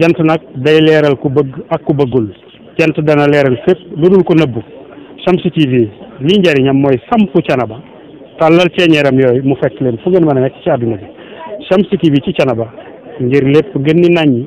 jant nag day leeral ku bëgg ak ku bëggul jant dana leeral fépp lu dul ko nëbbu Shamsu TV lii njëriñam mooy sampu canaba tàllal ceeñeeram yooyu mu fekk leen fu ngeen mën a nekk ci àdduna bi Shamsu TV ci canaba ngir lépp gën ni naññ.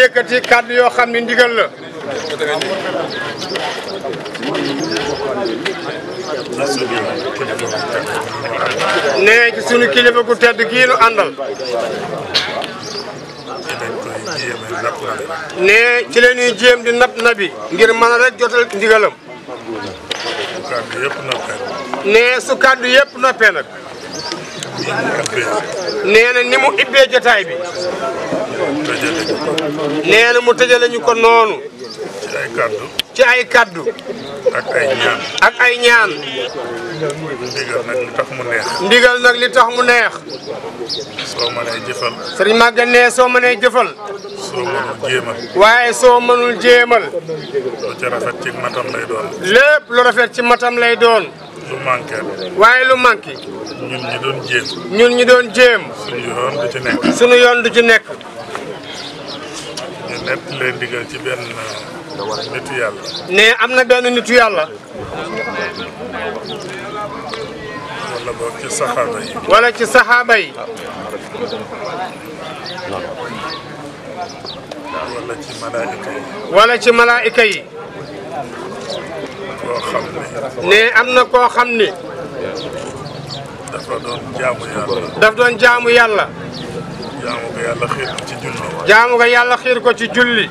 yëkkati nee yoo xam ne ndigal la. nee ci sunu kilifa gu tedd gii nu àndal. nee ci la ñuy jéem di nabi ngir mën a rek ndigalam. nee su kàddu yëpp noppee nag. nee na ni mu ibbee jotaay bi. nee mu tëjale ñu ko noonu. ci ay kaddu. ci ay kaddu. ak ay ñaan. ak ay ñaan. ndigal nag li tax mu neex. ndigal nag li tax mu neex. soo mënee jëfal. sëriñ Maguette nee soo mënee jëfal. soo mënul jéemal. waaye soo mënul jéemal. lu ci rafet lay doon. lépp lu rafet ci matam lay doon. lu manqué rek. waaye lu manqué. ñun ñu doon jéem. ñun ñu doon jéem. suñu yoon du ci nekk. suñu yoon du euh, am na benn nitu yàlla. wala ci saxaaba yi. wala ci saxaaba yi. ci malaayika ne amna ko koo jamu daf doon jaamu yalla jaamu ga yalla xir ko ci julli.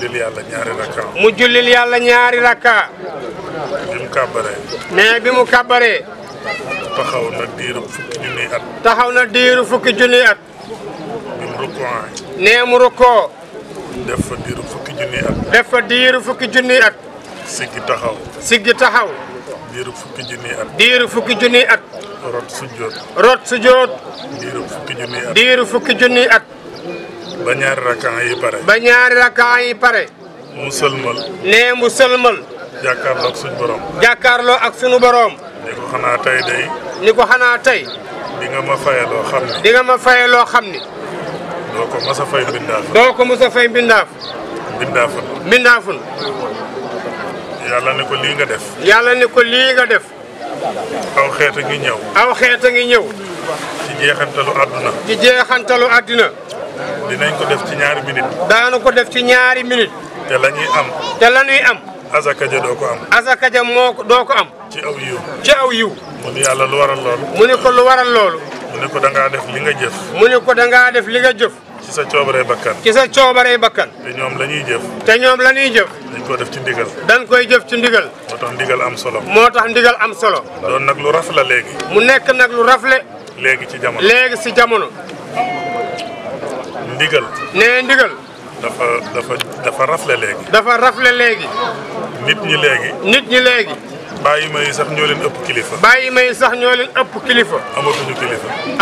jaamu nyari Mujuli julli. mu jullil yàlla ñaari rakka. mu jullil yàlla bi mu kàbbaree. taxaw na diiru fukki julli at. taxaw na diiru fukki at. mu rukko def fa diiru fukki julli at. def siggi taxaw. siggi taxaw. diiru fukki junniy at. diiru fukki junniy at. rot sujjoot. rot sujjoot. diiru fukki junniy at. diiru fukki at. ba yi pare. ba raka'i yi pare. mu sëlmal. nee mu sëlmal. jàkkaarloo ak suñu borom. jàkkaarloo ak suñu borom. ni ko xanaa tey day. ni ko xanaa tey. di nga ma fayaloo xam ni. di nga ma fay fay yàlla ne ko lii nga def. yàlla ne ko lii nga def. aw xeet ngi ñëw. aw xeet ngi ñëw. ci jeexantalu aduna ci jeexantalu aduna dinañ ko def ci ñaari minute. daana ko def ci ñaari minute. te la ñuy am. te la ñuy am. Azaka ja doo ko am. Azaka ja mo do doo ko am. ci aw yiw. ci aw yiw. mu ni yàlla lu waral loolu. mu ni ko lu waral loolu. mu ni ko da ngaa def li nga jëf. mu ni ko da nga def li nga jëf. ci sa coobaree bakkan. ci sa coobaree bakkan. te ñoom la ñuy jëf. te ñoom la ñuy jëf. dañ ko def ci ndigal. dañ koy jëf ci ndigal. moo tax ndigal am solo. moo tax ndigal am solo. doon nag lu raf la léegi. mu nekk nag lu rafle. léegi ci jamono léegi si jamono. ndigal. nee ndigal. dafa dafa dafa rafle léegi. dafa rafle léegi. nit léegi. nit ñi léegi. bàyyi ma yi sax ñoo leen ëpp kilifa. bàyyi ma yi sax ñoo leen ëpp kilifa. amatuñu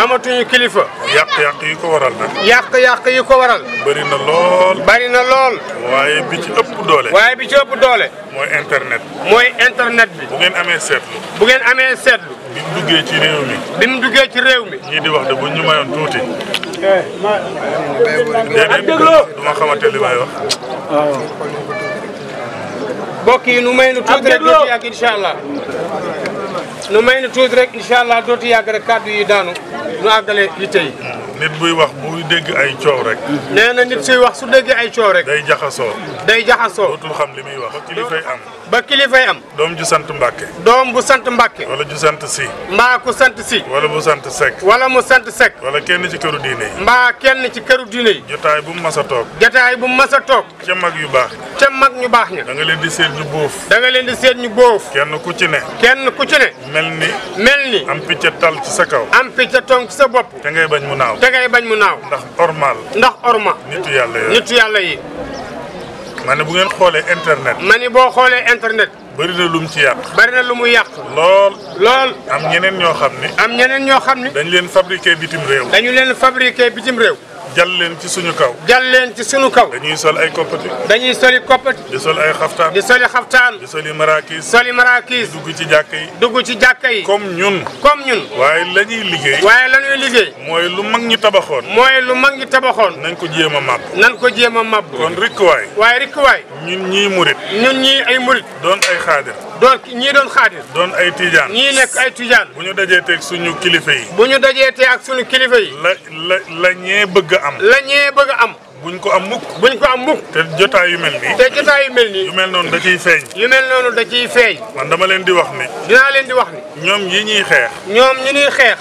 amatuñu kilifa. yàq-yàq yi ko waral nag. yàq-yàq yi ko waral. bari na lool. bari na lool. waaye bi ci ëpp doole. waaye bi ci ëpp doole. mooy internet. mooy internet bi. bu ngeen amee seetlu. bu ngeen amee seetlu. bi mu duggee ci réew mi. bi mu duggee ci réew mi. ñii di wax de bu ñu mayoon tuuti. Eh, déedéet du ma xamante li wax. Ah. mbokk yi nu may nu tuuti rek dootu yàgg incha allah nu may nu tuuti rek incha allah dootu yàgg rek kàddu yi daanu nu àggale yitte yi nit buy wax bu dégg ay coow rek. nee na nit suy wax su dégg ay coow rek. day jaxasoo. day jaxasoo dootul xam li muy wax. ba kilifay am. ba kilifay am. doom ju sant Mbàkke. doom bu sant Mbàkke. wala ju sant si. mbaa ku sant si. wala bu sant Seck. wala mu sant Seck. wala kenn ci këru diine yi. mbaa kenn ci këru diine yi. jotaay bu mu mas a toog. jotaay bu mu mas a toog. ca mag yu baax. ca mag ñu baax ña. da nga leen di seet ñu boof. da leen di seet ñu boof. kenn ku ci ne. ku ci mel ni. mel ni. am picc ci sa kaw. am picc tong sa bopp. te ngay bañ mu naaw. da ngay bañ mu naaw. ndax ormal. ndax orma. nitu yàlla yi nitu yàlla yi. ma bu ngeen xoolee internet. ma ni boo xoolee internet. bari na lu mu bari na lu mu yàq. lool. lool am ñeneen ñoo xam ni. am ñeneen ñoo xam ni. dañu leen fabriqué bitim réew. dañu leen fabriqué bitim réew. jal leen ci suñu kaw. jal leen ci suñu kaw. dañuy sol ay koppati. dañuy soli koppati. di sol ay xaftaan. di soli xaftaan. di soli maraakis. soli maraakis. dugg ci jàkka yi. dugg ci jàkka yi. comme ñun. comme ñun. waaye la ñuy liggéey. waaye la ñuy liggéey. mooy lu mag ñi tabaxoon. mooy lu mag ñi tabaxoon. nañ ko jéem a màbb. nañ ko jéem a màbb. kon rikkuwaay. waaye rikkuwaay. ñun ñii murit. ñun ñii ay murit. doon ay xaadir. doon ñii doon xaadir doon ay tijaan ñii nekk ay tijaan bu ñu dajee teeg suñu kilifa yi bu ñu dajee tee ak suñu kilifa yi la la la ñee bëgg am la ñee bëgg am buñ ko am mukk buñ ko am mukk te jotaay yu mel nii te jotaay yu mel nii yu mel noonu da ciy feeñ yu mel noonu da ciy feeñ man dama leen di wax ni dinaa leen di wax ni ñoom ñii ñuy xeex ñoom ñi xeex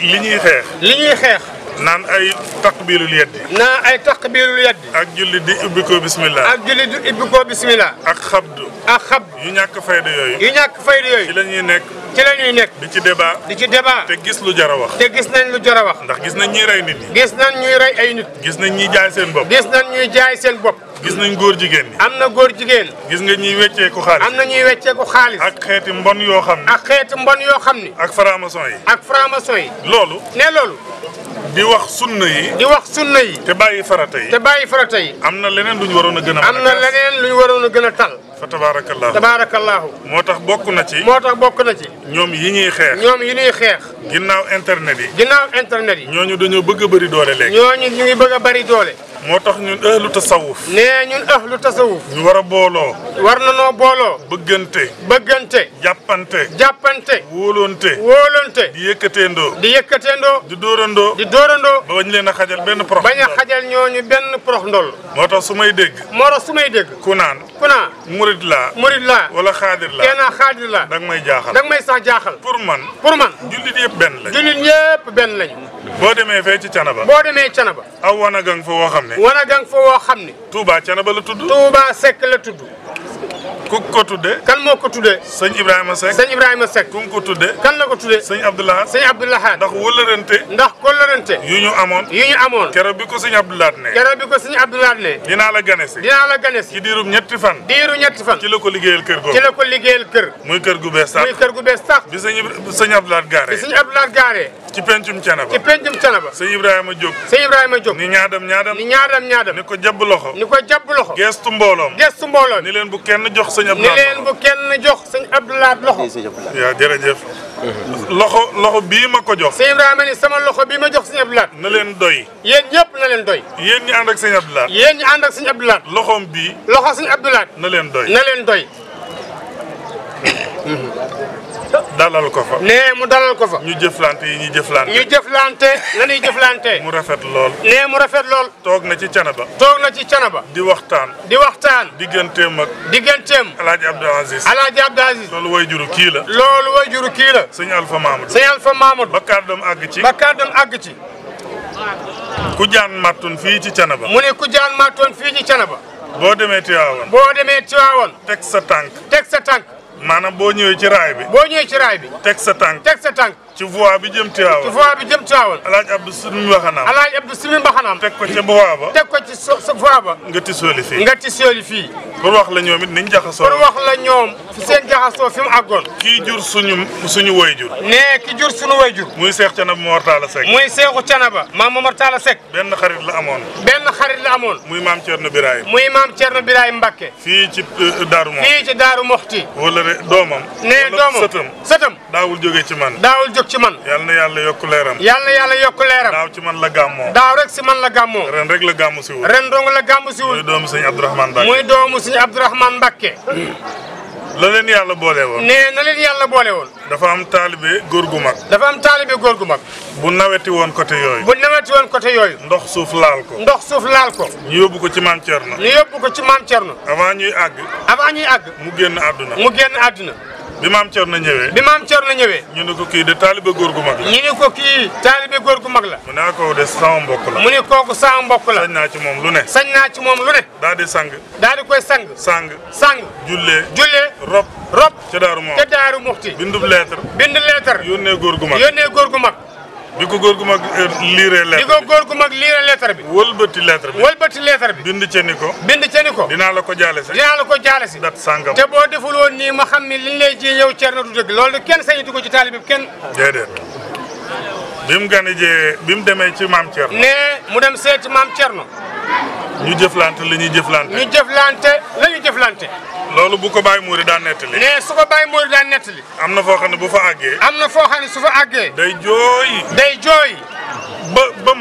li ñuy xeex li ñuy xeex Nan ay takbiirul yeddi naan ay takbiirul yeddi ak julli di ubbi bismillah ak julli di ubbi bismillah ak xabdu ak xabdu yu ñàkk fayda yooyu yu ñàkk fayda yooyu ci la ñuy nekk ci la ñuy di ci débat di ci débat te gis lu jar a wax te gis nañ lu jar a wax ndax gis nañ ñuy rey nit ñi gis nañ ñuy rey ay nit gis nañ ñuy jaay seen bopp gis nañ ñuy jaay seen bopp gis nañ góor jigéen ñi am na góor gis nga ñuy wecceeku xaalis am na ñuy wecceeku xaalis ak xeeti mbon yoo xam ne ak xeeti mbon yoo xam ak franc-maçon yi ak franc-maçon yi loolu ne loolu di wax sunna yi. di wax sunna yi. te bàyyi farata yi. te bàyyi farata yi. am na leneen lu ñu waroon a gën a. am na leneen lu waroon a gën a tal. fa tabaarakallaahu tabaarakallaahu. moo tax bokk na ci. moo tax bokk na ci. ñoom yi ñuy xeex. ñoom yi ñuy xeex. ginnaaw internet yi. ginnaaw internet yi. ñooñu dañoo bëgg a bëri doole léegi. ñooñu ñu ngi bëgg a bëri doole. moo tax ñun ahlu tasawuf nee ñun ahlu tasawuf ñu war a booloo war na noo booloo bëggante bëggante jàppante jàppante wóolonte wóolonte di yëkkateendoo di yëkkateendoo di dóorandoo di dóorandoo ba bañ leen a xajal benn prox bañ a xajal ñooñu benn prox ndool moo tax su may dégg moo tax su may dégg ku naan ku naan murid laa murid laa wala xaadir laa keenaa xaadir laa da nga may jaaxal da nga may sax jaaxal pour man pour man jullit yëpp benn lañ jullit yëpp benn lañ boo demee fee ci canaba boo demee canaba aw wana gang fo woo xam ne wana gang fa woo xam ne Touba canaba la tudd Touba Seck la tudd ku ko tudde kan moo ko tudde sëñ Ibrahima Seck sëñ Ibrahima Seck ku mu ko tudde kan la ko tudde sëñ Abdoulahat sëñ Abdoulahat ndax wëlërante ndax kolërante yu ñu amoon yu bi ko sëñ Abdoulahat ne keroog bi ko sëñ Abdoulahat ne dinaa la gane si la gane ci diirum ñetti fan diiru ñetti fan ci la ko kër ko muy kër gu sax muy kër gu sax bi sëñ sëñ Abdoulahat ni ñaadam ñaadam ni ni ko jabb loxo ni ko jabb loxo geestu mbooloom geestu mbooloom ni leen bu kenn jox sëñ Abdou Lahad ni leen bu kenn jox sëñ Abdou Lahad loxo. yaa jërëjëf. loxo loxo bii ma ko jox. sëñ Ibrahima ni sama loxo bii ma jox sëñ Abdou Lahad. na leen doy. yéen ñëpp na leen doy. yéen ñi ànd ak sëñ Abdou Lahad. yéen ñi ànd loxoom bii. loxo sëñ Abdou Lahad. na leen doy na leen doy. dalal ko fa. nee mu dalal ko fa. ñu jëflante yi ñu jëflante. ñu jëflante la ñuy jëflante. mu rafet lool. nee mu rafet lool. toog na ci canaba. toog na ci canaba. di waxtaan. di waxtaan. digganteem ak. digganteem. El Hadj Abdou Aziz. El Hadj Abdou Aziz. loolu way juru kii la. loolu way juru kii la. sëñ Alpha Mamadou. sëñ Alpha ba kàddoom àgg ci. ba kàddoom àgg ku jaan màttoon fii ci canaba. mu ne ku jaan màttoon fii ci canaba. boo demee Tiwaawan. boo demee Tiwaawan. teg sa tànk. teg sa tànk. manam bo ñëwee ci raay bi. bo ñëwee ci raay bi. tek sa tànk tek sa tànk. ci voix bi jëm Tiwaawan. ci voix bi jëm Tiwaawan. alaaj Abdou Simi waxanam alaaj Abdou Simi waxanam tek ko ci voix ba. tek ko ci sa voix ba. nga ti soli fi nga ti soli fi pour wax la ñoom it niñ jaxaso pour wax la ñoom fi seen jaxaso fi mu agol ki jur suñu suñu woy jur. nee ki jur suñu woy jur. muy Seex Canaba Momar Talla sek muy Seexu Canaba. maam Momar Talla sek ben xarit la amoon. ben xarit la amoon. muy mam Thierno Birahim. muy mam Thierno Birahim Mbacké. fi ci daru mo fi ci daru Moxti. wala ne doomam. nee doomam sëtam sëtam. daawul jóge ci man. daawul jóg ci man. yal na yàlla yokk leeram. yal na yàlla yokk leeram. daaw ci man la gàmmoo. daaw rek si man la gàmmoo. ren rek la gàmmu si wul. ren dong la gàmmu si wul. muy doomu sëñ Abdourahmane Mbacké. muy doomu sëñ la leen yàlla boole woon. nee na leen yàlla boole woon. dafa am taalibe góor gu mag. dafa am taalibe góor gu mag. bu naweti woon côté yooyu. bu naweti woon côté yooyu. ndox suuf laal ko. ndox suuf laal ko. ñu yóbbu ko ci maam Thierno. ñu yóbbu ko ci maam Thierno. avant ñuy àgg. avant ñuy àgg. mu génn àdduna. mu génn àdduna. bi maam Thierno ñëwee bi maam Thierno ñëwee ñu ne ko kii de taalibe góor gu mag la ñu ne ko kii taalibe góor gu mag la mu ne a kooku de sama la mu ne kooku sama mbokk la naa ci moom lu ne sañ naa ci moom lu ne daa di sang daa di koy sang sang sang jullee jullee rob ca daaru moom ca daaru muxti bindu lettre bind lettre yónnee góor gu mag yónnee góor gu mag bi ko góor gu mag euh, liire lettre bi bi ko góor gu mag liiree lettre bi. wëlbati lettre bi wëlbati lettre bi. bind ca ko. bind ca ko. dinaa la ko jaale si. dinaa la ko jaale si. dat sàngam te boo deful woon nii ma xam ne liñ lay ji yow Thierno du dëgg loolu kenn sañatu ko ci taalibe bi kenn. déedéet bi mu gan jee bi mu demee ci maam Thierno. ne mu dem seeti maam Thierno. ñu jëflante li ñuy jëflante. ñu jëflante la ñuy jëflante. loolu bu ko Baye Mouride daan nettali. nee su ko Baye Mouride daan nettali. am na foo xam ne bu fa àggee. am na foo xam ne su fa àggee. day jooy. day jooy. ba ba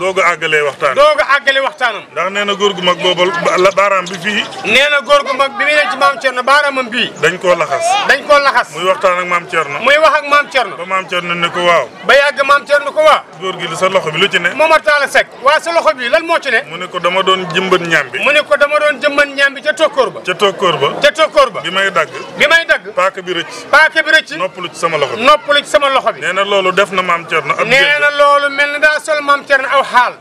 a àggalee waxtaan doog a àggalee waxtaanam ndax nee na mag booba la bi fii nee na góor gu mag bi muy ne ci maam Thierno baaraamam bii dañ koo laxas dañ koo laxas muy waxtaan ak maam Thierno muy wax ak maam Thierno ba maam Thierno ne ko waaw ba yàgg maam Thierno ko waaw góor sa loxo bi lu ci ne Momar Talla Seck waa sa loxo bi lan moo ci ne mu ko dama doon jëmbat ñaam bi mu ne ko dama doon jëmbat ñaam bi ca tokkoor ba ca tokkoor ba ca tokkoor ba bi may dagg bi may dagg paaka bi rëcc paaka bi rëcc noppalu ci sama loxo bi noppalu ci sama na loolu nee na loolu mel ni daa sol maam Thierno aw xaal.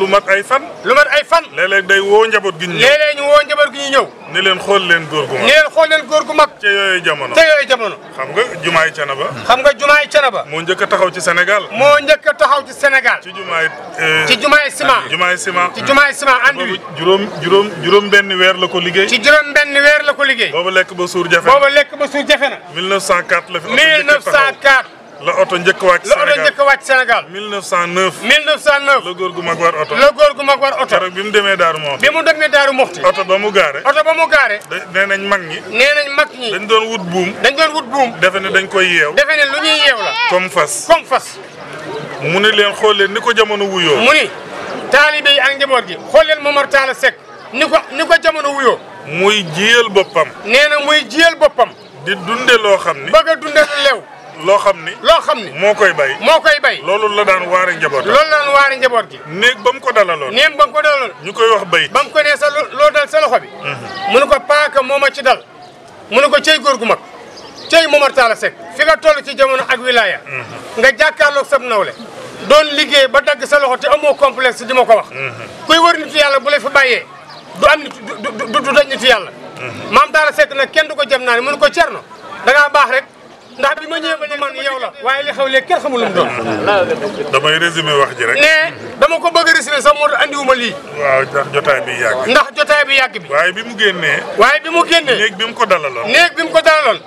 lu mat ay fan. lu mat ay fan. léeg-léeg day woo njaboot gi ñu ñëw woo njaboot gi ñu ñëw. ni leen xool leen góor gu mag. ni leen xool leen góor gu mag. ca yooyu jamono ca yooyu jamono. xam nga jumaay Canaba. xam nga jumaay Canaba. moo njëkk a taxaw ci Sénégal. moo njëkk a taxaw ci Sénégal. ci jumaay. Eh, ci jumaay ciment. jumaay ciment. ci jumaay ciment andi wi. juróom juróom juróom benn weer la ko liggéey. ci juróom benn weer la ko liggéey. booba lekk ba suur jafe na. booba lekk ba suur jafe na. la oto njëkk wàcc Sénégal la oto njëkk wàcc Sénégal. 1909. 1909 la góor gu mag war oto. la góor gu mag war oto. keroog bi mu demee daar Moxti. bi mu demee Daaru Moxti. oto ba mu gaare. oto ba mu gaare. da nee mag ñi. nee nañ mag ñi. dañ doon wut buum. dañ doon wut buum. defe ne dañ koy yeew. defe ne lu ñuy yeew la. comme fas comme fas. mu ne leen xool leen ni ko jamono wuyoo. mu ni yi ak njaboot gi xool leen Momar Talla Seck ni ko ni ko jamono wuyoo. muy jiyal boppam. nee na muy jiyal boppam. di dunde loo xam ni. bëgg a dunde lew lo xamni lo xamni mo koy bay mo koy bay lolou la daan waare njabot lolou la daan waare njabot gi neeg bam ko dalal néeg ba mu ko dalal ñukoy wax bay bam ko ne sa lo dal sa loxo bi mu ne ko paaka moo ma ci dal mu ne ko cey gor gu mak cey Momar tala sek fi nga tollu ci jamono ak wilaya nga jàkkaarloog sab nawle doon liggey ba dag sa loxo te amo complexe dima ko wax kuy wër nit yalla bu lay fa baye du am nit du du daj nit yalla mam Talla sek na kenn du ko jëm naani ne mu ne ko cerno da nga bax rek ndax bi ma ñëwee ba man yow la waaye li xaw léegi kenn xamul doon. damay résumé wax ji rek. mais dama ko bëgg a résumé sax moo tax andiwuma lii. waaw ndax jotaay bi yàgg. ndax jotaay bi yàgg bi. waaye bi mu génnee. waaye bi mu génnee. néeg bi mu ko dalaloon. néeg bi mu ko dalaloon.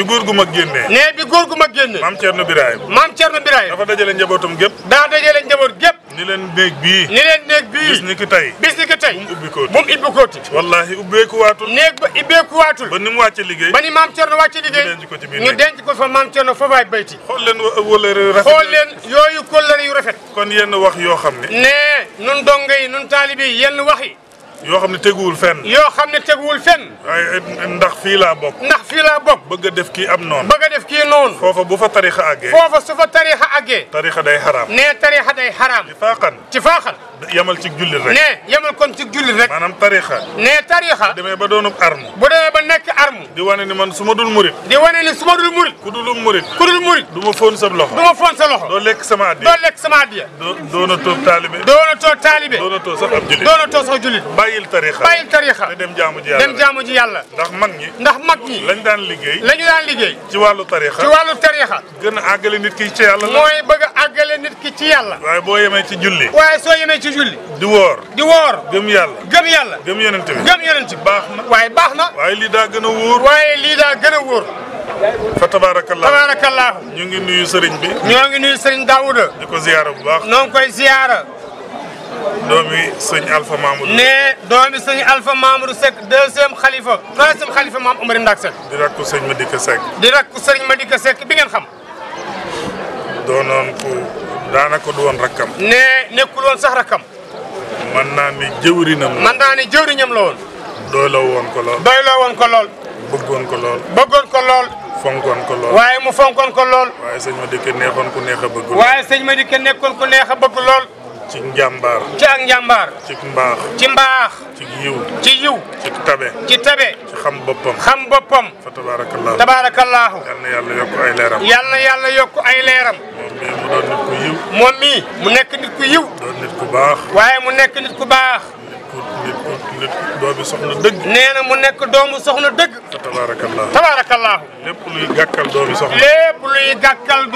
bi góor gu mag génnee nee bi góor gu mag génnee maam Thierno Birahim maam Thierno Birahim dafa dajale njabootam gépp daa dajale njaboot gépp ni leen néeg bii ni leen néeg bii bis ni ki tey bis ni ubbi kooti bu mu ubbi kooti wallaahi ubbeeku waatul néeg ba ubbeeku waatul ba ni mu wàcce liggéey ba ni maam Thierno wàcce liggéey ñu denc ko ci biir ñu denc ko fa maam Thierno fa waay bayti xool leen wóllëre yu rafet xool leen yooyu kóllëre yu rafet kon yenn wax yoo xam ne nee nun donga yi nun taalibe yi yenn wax yi yo xam ne fenn. yo xam ne fenn ay ndax fi la bok ndax fi la bok bëgg def ki am non bëgg def ki non fofu bu fa tarixa agge fofu su fa tarixa agge tarixa day haram ne tarixa day haram tifaqan tifaqan yamal ci jullit rek. ne yamal kon ci jullit rek. manam tarixa. ne tarixa. demé ba doonub arme. bu demé ba nek arme. di wane ni man suma dul mourid di wane ni suma dul mourid kudul mourid kudul mourid duma fon sa loxo duma fon sa loxo. du ma fóon sa loxo. doo lekk sama do na lekk talibé do na doonatoo talibé do na doonatoo sax do na doonatoo sax jullit. bàyyil tarixa bàyyil tarixa te dem jaamu ji yàlla dem jaamu ji yàlla ndax mag ñi ndax mag ñi lañ daan liggéey lañu daan liggéey ci wàllu tarixa ci wàllu tarixa gën a àggale nit ki ci bëgg a àggale nit ki ci yàlla waaye ci julli waaye soo yemee ci julli di woor di woor gëm yàlla gëm yàlla gëm yonent bi baax na waaye baax na waaye lii daa gën a wóor waaye lii daa gën a wóor fa tabaarakallaahu tabaarakallaahu ñu ngi nuyu sëriñ bi ñoo ngi nuyu sëriñ Daawuda di ko ziyaara baax noo koy ziyaara doomi sëñ Alpha Mamadou. nee doomi sëñ Alpha Mamadou Seck deuxième xalifa troisième xalifa maam Omar Ndak Seck. di rakku sëñ Madika Seck. di rakku sëñ Madika Seck bi ngeen xam. doonoon ku daanaka du woon rakkam. ne nekkul woon sax rakkam. man naa ni jëwriñam la. man naa ni jëwriñam la woon. doyloo woon ko lool. doyloo woon ko lool. bëggoon ko lool. bëggoon ko lool. fonkoon ko lool. waaye mu fonkoon ko lool. waaye sëñ Madika neexoon ku neex a bëgg lool. waaye ku neex a bëgg lool. ci njàmbaar. ci ak njàmbaar. ci mbaax. ci mbaax. ci ci yiw. ci tabe. ci tabe. ci xam boppam. xam boppam. fa tabaarakallaahu. tabaarakallaahu. yal na yàlla yokk ay leeram. yal na yàlla yokk ay leeram. moom mii mu nekk nit ku yiw. waaye mu nekk nit ku baax. nit mu nekk doomu soxna dëgg. lépp luy gàkkal doomu soxna. lépp luy gàkkal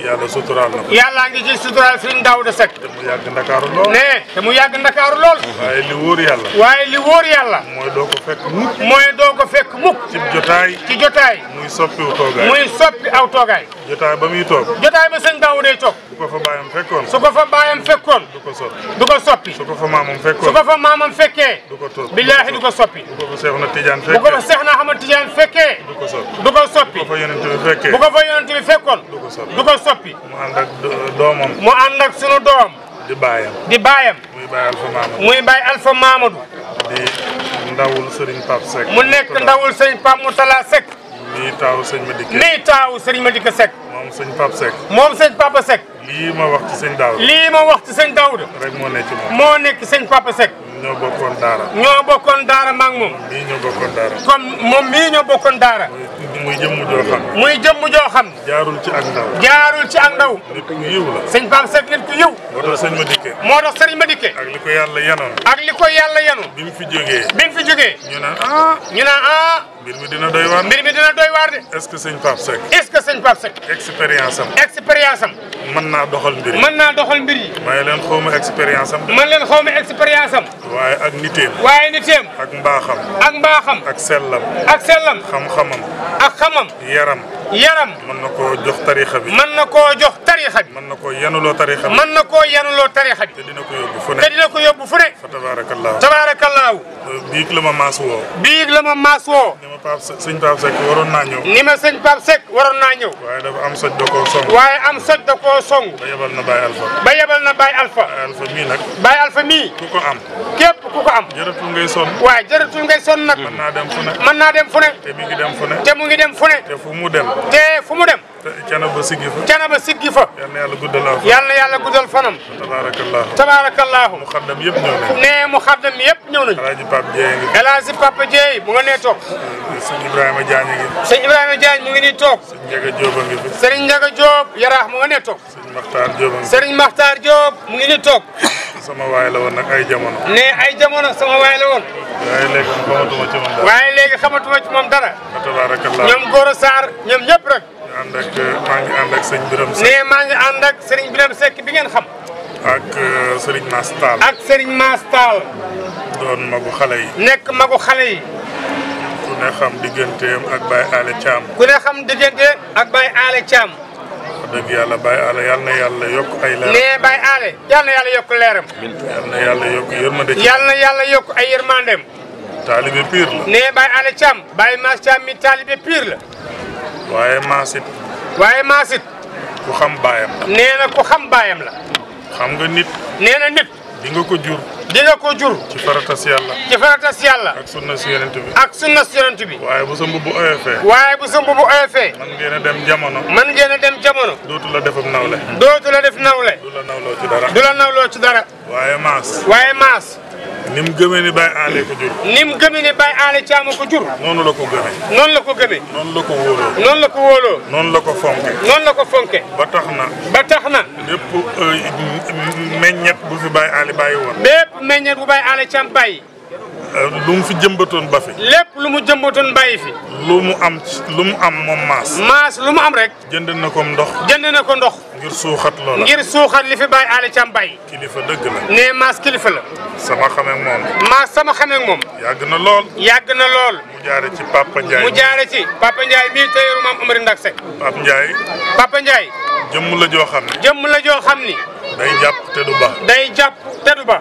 yàlla na ko. yàllaa ngi ci suturaal Serigne Daouda Seck. te mu yàgg ndakaaru lool. nee te mu yàgg ndakaaru lool. waaye li wóor yàlla. waaye li wóor yàlla. mooy doo ko fekk mukk. mooy doo ko fekk mukk. ci jotaay. ci jotaay. muy soppi aw toogaay. muy soppi aw toogaay. jotaay ba muy toog. jotaay ba sëñ Daouda toog. su ko fa bàyyam fekkoon. su ko fa bàyyam fekkoon. du ko soppi. du ko soppi. su ko fa maamam fekkoon. su fekkee. du ko soppi. billaahi du ko soppi. bu ko fa Seexna Tijaan fekkee. bu ko fa Tijaan fekkee. du ko soppi du ko soppi bu ko yonent bi fekkee bu ko fa yonent fekkoon. du ko soppi mu ànd ak doomam. mu ànd ak sunu doom. di baayam di baayam. muy baay Alpha Mamadou. muy baay Alpha Mamadou. di ndawul mu nekk ndawul Serigne Pape Moutala Seck. nii taawu sëñ Madické. nii taawu sëñ Madické Seck. moom sëñ Pape Seck. moom sëñ Papa Seck. lii ma wax ci sëñ Daouda. lii ma wax ci sëñ Daouda. rek moo nekk ci moom. moo nekk sëñ Papa Seck. ñoo bokkoon Daara. bokkoon Daara maa bokkoon Daara. kon moom mii ñoo bokkoon Daara. muy jëmm joo xam. muy jëmm joo xam. jaarul ci ak ndaw. jaarul ci ak ndaw. nit ku yiw la. sëñ Pape Seck nit ku yiw. moo tax sëñ ma dikkee. moo tax sëriñ ma dikkee. ak li ko yàlla yanoon. ak li ko yàlla yanoon. bi mu fi jógee. bi mu fi jógee. ñu na ah. ñu na ah. mbir mi dina doy waar. mbir mi dina doy waar de. est-ce que sëñ Pape Seck. est-ce que sëñ Pape Seck. expérience mën naa doxal mbir yi. mën naa doxal mbir yi. waaye leen xaw ma expérience am. man leen xaw ma expérience am. waaye ak niteem. waaye niteem. ak mbaaxam. ak mbaaxam. ak sellam. ak sellam. xam-xamam. ak xamam. yaram. yaram mën na koo jox tariixa bi man na ko jox tariixa bi man na koo yanuloo tariixa bi mën na koo yanuloo tariixa bi te dina ko yóbbu fu ne te dina ko yóbbu fu ne fa tabaarakallaahu tabaarakallaahu biig la ma maas la ma maas woo ni ma Pape sëñ Pape Seck waroon naa ñëw ni naa ñëw waaye dafa am soj da koo song waaye am soj da koo ba yebal na Baye Alpha ba yebal na Baye Alpha Baye ko am képp ku ko am jërëtul ngay sonn waaye jërëtul ngay sonn nag mën naa dem fu ne mën naa dem te mi ngi dem fu ne te mu dem te fu mu dem canaba siggi fa canaba siggi fa yal na yàlla guddal aw yal na yàlla guddal fanam tabaarakallahu tabaarakallahu mu xaddam yëpp ñëw nañ ne mu xaddam yëpp ñëw nañ alaaji Pape Dieye ngi alaaji Pape Dieye mu nga nee toog sëñ Ibrahima Diagne ngi sëñ Ibrahima Diagne mu ngi nii toog sëñ Ndiaga Diop a ngi fi sëriñ Ndiaga Diop yaraax mu nga nee toog sëñ Makhtar Diop a ngi sëriñ Makhtar Diop mu ngi nii toog sama waay la woon nag ay jamono ne ay jamono sama waay la woon waaye léegi xamatuma ci moom dara waaye léegi xamatuma ci moom dara tabaarakallahu ñoom Gora Sarr ñoom ñëpp rek ànd ak maa ngi ànd ak sëñ Birame Seck. nee maa ngi bi ngeen xam. ak euh, sëriñ Mass Tall. ak sëriñ Mass Tall. doon magu nekk magu xale yi. ku ne ak Baye Alé Thiam. ku ne xam diggante ak Baye Alé Thiam. dëgg yàlla Baye Alé yal na yàlla yokk ay leeram. nee Baye Alé na yàlla yokk leeram. na yàlla yokk ay yërmandeem. taalibe pire la. nee Baye Alé Thiam Baye Mass Thiam mi taalibe pire la. waaye maasit. waaye maasit. ku xam baayam la. nee na ku xam baayam la. xam nga nit. nee na nit. di nga ko jur. di nga ko jur. ci faratas yàlla. ci faratas yàlla. ak sunna si yonent bi. ak sunna si yonent bi. waaye bu sa mbubu oyofee. waaye bu sa mbubu oyofee. man ngeen a dem jamono. man ngeen a dem jamono. dootu la defam nawle. dootu la def nawle. du la nawloo ci dara. du la ci dara. waaye maas. ni mu gëmee ne Baye Alé ko jur. ni mu gëmee ne Baye Alé ko jur. noonu la ko gëmee. noonu la ko gëmee. noonu la ko noonu la ko wóoloo. noonu la ko fonke. noonu la ko fonke. ba tax na. ba tax na. lépp euh, meñet bu fi Baye Alé bàyyi woon. bépp meññet bu bay Alé Thiam bàyyi. Euh, lu mu fi jëmbatoon ba fi. lépp lu mu jëmbatoon bàyyi fi. lu mu am lu mu am moom maas. maas lu mu am rek. jënd na ko ndox. jënd na ko ndox. ngir suuxat loola. ngir suuxat li fi bàyyi Aly Thiam bàyyi. kilifa dëgg la. nee maas kilifa la. sama xamee moom. maas sama xamee moom. yàgg na lool. yàgg na lool. mu jaare ci Papa Ndiaye. ci Papa Ndiaye mii tëyeeru maam Amary Ndack Seck. Papa Ndiaye. Papa Ndiaye. jëmm la joo xam ne. jëmm la joo xam ni. day jàpp te du ba.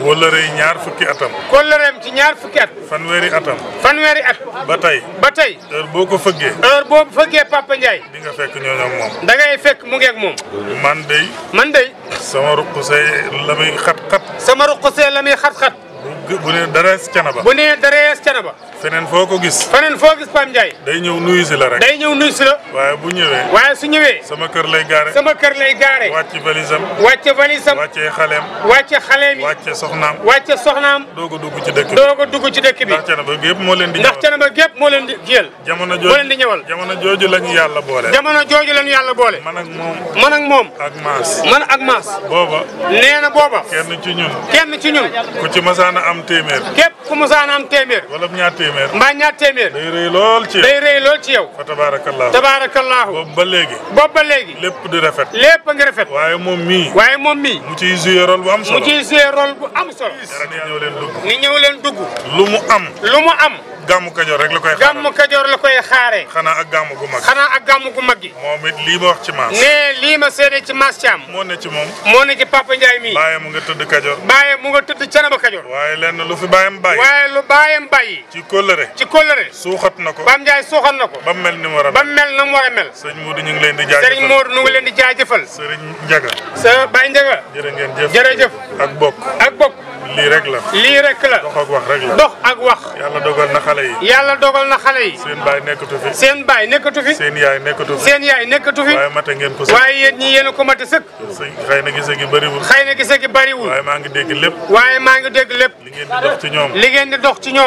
wóllërey ñaar fukki atam. ko kóllëreem ci ñaar fukki at. fanweeri atam. fanweeri at. ba tey. ba tey. heure boo ko fëggee. heure boo fëggee Papa Ndiaye. di fekk ñooñu ak moom. da fekk mu ngi moom. man dey. man dey. sama ruq see la muy xat-xat. sama ruq la muy xat-xat. bu ne darees canaba. bu ne darees canaba. feneen foo ko gis. feneen foo gis Pape Ndiaye. day ñëw nuyu si la rek. day ñëw nuyu si la. waaye bu ñëwee. waaye su ñëwee. sama kër lay gaare. sama kër lay gaare. wàcce valisam. wàcce valisam. wàcce xaleem. wàcce xaleem yi. wàcce soxnaam. wàcce soxnaam. doog a dugg ci dëkk bi doog a dugg ci dëkk bi. ndax canaba gépp moo leen di. ndax canaba gépp moo leen di jël. jamono jooju moo leen di ñëwal. jamono jooju la ñu yàlla boole. jamono jooju la ñu yàlla boole. man ak moom. man ak moom. ak maas. man ak maas. booba. nee na booba. kenn ci ñun. kenn ci ñun. ku am téeméer. képp ku musaan am téeméer. wala ñaar téeméer. mbaa ñaar téeméer. day rëy lool ci yow day rëy lool ci yow. fa tabaarakallaahu tabaarakallaahu. boobu ba léegi. boobu ba léegi. lépp di rafet. lépp a ngi rafet. waaye moom mii. waaye moom mii. mu ciy joué rôle bu am solo mu ciy joué rôle bu am solo. ni ñëw leen dugg. leen dugg. lu mu am. lu mu am. gàmmu kajoor rek la koy xaaree gàmmu kajoor la koy xaaree. xanaa ak gàmmu gu mag. xanaa ak gàmmu gu mag gi. moom it lii ma wax ci maas. nee lii ma seede ci maas Thiam. moo ne ci moom. moo ne ci papa Ndiaye mii. baaye mu nga tëdd waaye lenn lu fi bàyyam bàyyi. waaye lu bàyyam bàyyi. ci kóllëre. ci kóllëre. suuxat na ko. Bam Ndiaye suuxat na ko. ba mel ni mu war mel na mu war a mel. sëñ Modou ñu ngi leen di jaajëfal sëriñ Modou ñu ngi leen di jaajëfal. sëriñ Ndiaga. sa Baye jërë ngeen jëf jërëjëf. ak bokk ak bok lii rek la. lii rek la dox ak wax rek la. dox ak wax. yàlla dogal na xale yi. yàlla dogal na xale yi. seen baay nekkatu fi. seen baay nekkatu fi. seen yaay nekkatu fi. waaye mate ngeen ko sëkk. waaye yéen ñii yéen ko mate sëkk. xëy na gi bëriwul. xëy na gise gi bëriwul. waaye maa ngi dégg lépp. waaye maa ngi dégg lépp. li ngeen di te a ngi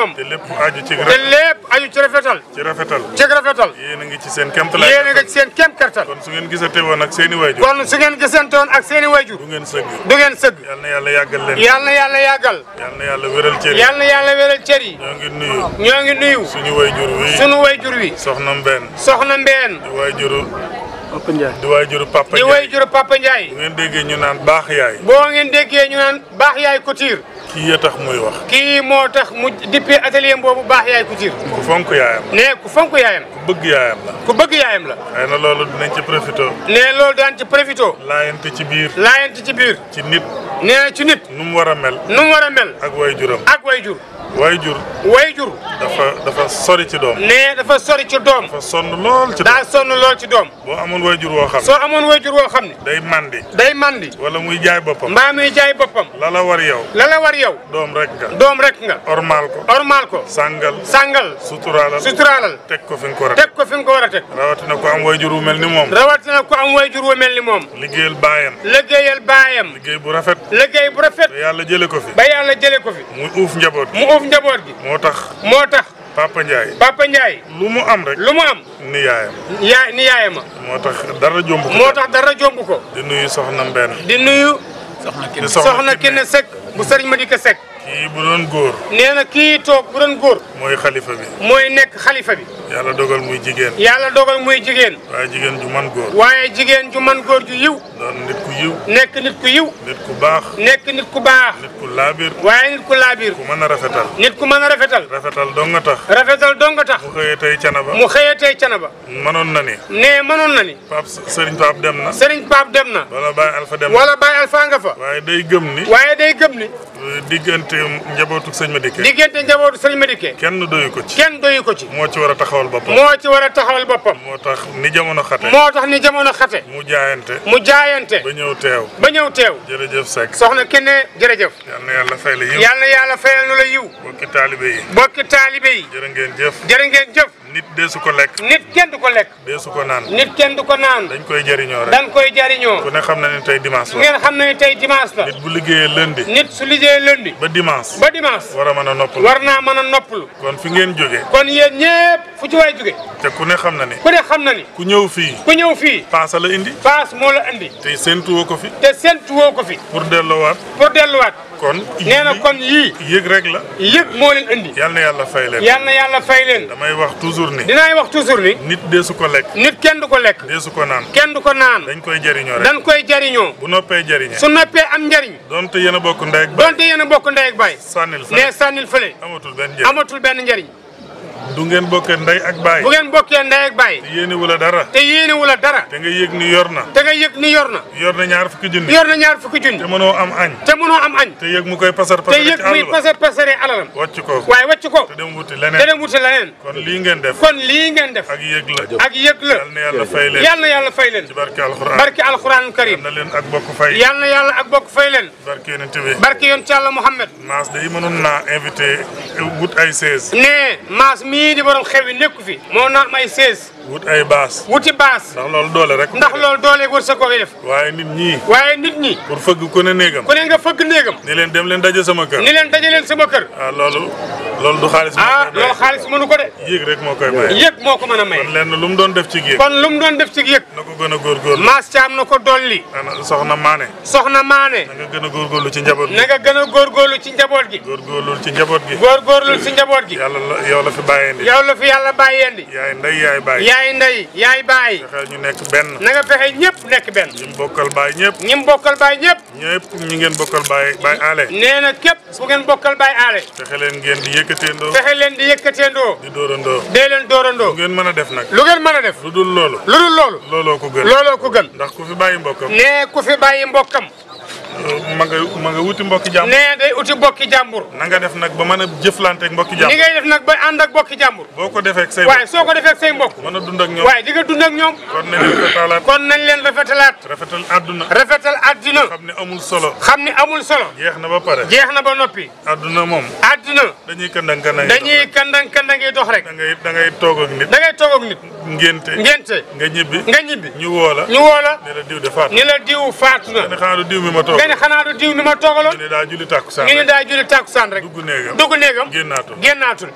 a woon ak seen i waajur. ngeen gisante woon ak seen du ngeen sëgg. du ngeen sëgg. yàggal. yal yàlla wéral cër yi na yàlla wéral cër yi. ñoo ngi nuyu. ñoo ngi nuyu. suñu way jur wi. suñu way jur wi. soxna na soxna Mbène. di way juru Papa Ndiaye di waajuru Papa Ndiaye di waajuru Papa Ndiaye. bu ngeen déggee ñu naan baax yaay. boo ngeen déggee ñu naan baax yaay Couture. kii a tax muy wax. kii moo tax mu dippee atelier boobu baax yaay Couture. ku fonk yaayam la. nee ku fonk yaayam. ku bëgg yaayam la. ku bëgg yaayam la. xëy na loolu dinañ ci profité. nee loolu daan ci profité. laayante ci biir. laayante ci biir. ci nit. nee ci nit. nu war a mel. nu mu war a mel. ak waajuram ak waajur. waajur. dafa sori ci doom. nee dafa sori ci doom. daa sonn wajur wo xam so amone wajur wo woo xam ne day mandi day mandi wala muy jaay bopam ma muy jaay bopam la la war yow la la war yow dom rek nga dom rek nga ormaal ko ormaal ko sàngal sàngal suturaalal suturaalal tek ko fi nga tek ko fi nga tek rawati na ko am wajur wo melni mom rawati na ko am wajur wo melni mom moom bayam baayam bayam baayam liggéey bu rafet liggéey bu rafet ba yàlla jële ko fi ba yàlla jële ko fi mu uuf njabot mu uuf njabot gi motax motax Papa Ndiaye. Papa Ndiaye. lu mu am rek. lu mu am. ni yaayam. ni yaayama. moo tax dara jomb ko. moo tax dara jomb ko. di nuyu Soxna Mbène. di nuyu. Soxna Kine Seck di Soxna Kine Seck bu Serigne kii bu doon góor. nee na kii toog bu doon góor. mooy xalifa bi. mooy nekk xalifa bi. yàlla dogal muy jigéen. yàlla dogal muy jigéen. waaye jigéen ju man góor. waaye jigéen ju man góor ju yiw. doon nit ku yiw. nekk nit ku yiw. nit ku baax. nekk nit ku baax. nit ku laabir. waaye nit ku laabir. ku mën a rafetal. nit ku mën a rafetal. rafetal dong nga tax. rafetal dong a tax. mu xëyee tey canaba. mu xëyee tey canaba. mënoon na ni. nee mënoon na ni. Pape Serigne Pape dem na. Serigne Pape dem dem na. wala diggante njabootu sëñ Madické diggante njabootu sëñ Madické kenn doyu ko ci kenn doyu ko ci moo a moo ci war a taxawal boppam moo tax ni jamono xate moo tax ni jamono xate mu jaayante mu jaayante ba ñëw teew ba ñëw teew jërëjëf Seck soxna kenn jërëjëf yal na yàlla fay a yiw yal na bokki taalibe bokki taalibe yi ngeen jëf nit deesu ko lekk. nit kenn du ko lekk. deesu ko naan. nit kenn du ko naan. dañ koy jariñoo rek. dañ koy jariñoo. ku ne xam na ne tey dimanche la. ngeen xam na ne tey dimanche la. nit bu liggéeyee lundi. nit su liggéeyee lundi. ba dimanche. ba dimanche. war a mën a noppalu. war naa mën a noppalu. kon fi ngeen jógee. kon yéen ñëpp. fu ci waay jóge te ku ne xam na ni ku ne xam na ni ku ñëw fii ku ñëw fii paas la indi paas moo la indi te séentuwoo ko fi te séentuwoo ko fi pour delluwaat pour delluwaat kon nee na kon yii yëg rek la yëg moo leen indi yal na yàlla fay leen yal na yàlla fay leen damay wax toujours ni dinaay wax toujours ni nit deesu ko lekk nit kenn du ko lekk deesu ko naan kenn du ko naan dañ koy jariñoo rek dañ koy jariñoo bu noppee jariñee su noppee am njariñ donte yéen a bokk ndey ak baay donte yéen a bokk ndey ak baay sànnil fële nee sànnil fële amatul benn njariñ amatul benn njariñ du ngeen bokkee ndey ak baay. bu ngeen bokkee ndey ak baay. te yéene wula dara. te yéene wula dara. te nga yëg ni te nga yëg ni yor na. fukki junni. te mënoo am añ. te mënoo am añ. te yëg pasar pasare alalam. wàcc ko waaye wàcc ko. te dem wuti leneen kon lii ngeen def. kon lii ngeen def. ak yëg la ak yëg la. yal na yàlla barke alxuraan barke karim. barke yonent bi Muhammad. maas day mënoon naa invité wut ay seize. nee maas mi mii di borom xew yi fi moo na am ay seize wut ay baas wuti baas ndax loolu doole rek ndax loolu doole wër sa ko def waaye nit ñi waaye nit pour fëgg ku ne néegam ku ne nga fëgg néegam ni leen dem leen daje sama kër ni leen daje leen sama kër ah loolu loolu du xaalis ah loolu xaalis mënu ko de yéeg rek moo koy maye yéeg moo ko mën a maye kon lenn lu mu doon def ci yéeg kon lu mu doon def ci yéeg na ko gën a góorgóorlu maas caam na ko dolli soxna maane soxna maane na nga gën a ci njaboot gi na nga gën a góorgóorlu ci njaboot gi góorgóorlu ci njaboot gi góorgóorlu ci njaboot gi yàlla bàyyeendi yow la fi yàlla bàyyeendi yaay ndey yaay bàyyi yaay ndey yaay bàyyi fexeel ñu nekk benn na nga fexe ñëpp nekk benn ñi mu bokkal bàyyi ñëpp ñi mu bokkal bàyyi ñëpp ñëpp ñi ngeen bokkal bàyyi bàyyi aale nee na képp bu ngeen bokkal bàyyi aale fexe leen ngeen di yëkkateendoo fexe leen di yëkkateendoo di dóorandoo dee leen dóorandoo lu ngeen mën a def nag lu ngeen mën def lu dul loolu lu dul loolu looloo ko gën looloo ko gën ndax ku fi bàyyi mbokkam nee ku fi bàyyi mbokkam ma nga ma nga wuti mbokki jàmbur nee day uti mbokki jàmbur na nga def nag ba mën a jëflante ak mbokki jàmbur ni ngay def nag ba ànd ak mbokki jàmbur boo ko ak say waaye soo ko ak say mbokk mën dund ak ñoom waaye di dund ak ñoom kon nañ leen rafetalaat kon nañ leen rafetalaat rafetal àdduna rafetal àdduna xam amul solo xam amul solo jeex na ba pare jeex na ba noppi àdduna moom àdduna dañuy kandang kandang dañuy kandang kandang ngay dox rek da ngay da ngay toog ak nit da ngay toog ak nit ngénte ngénte nga ñibbi nga ñibbi ñu woo ñu woo ni la diw de ni la diw faatu na xanaa du mi ma toog nee na xanaa du diw mi ma toogaloon. ñu ne daa julli takkusaan rek ñu ne daa julli takkusaan rek. dugg néegam dugg néegam génnaatul génnaatul.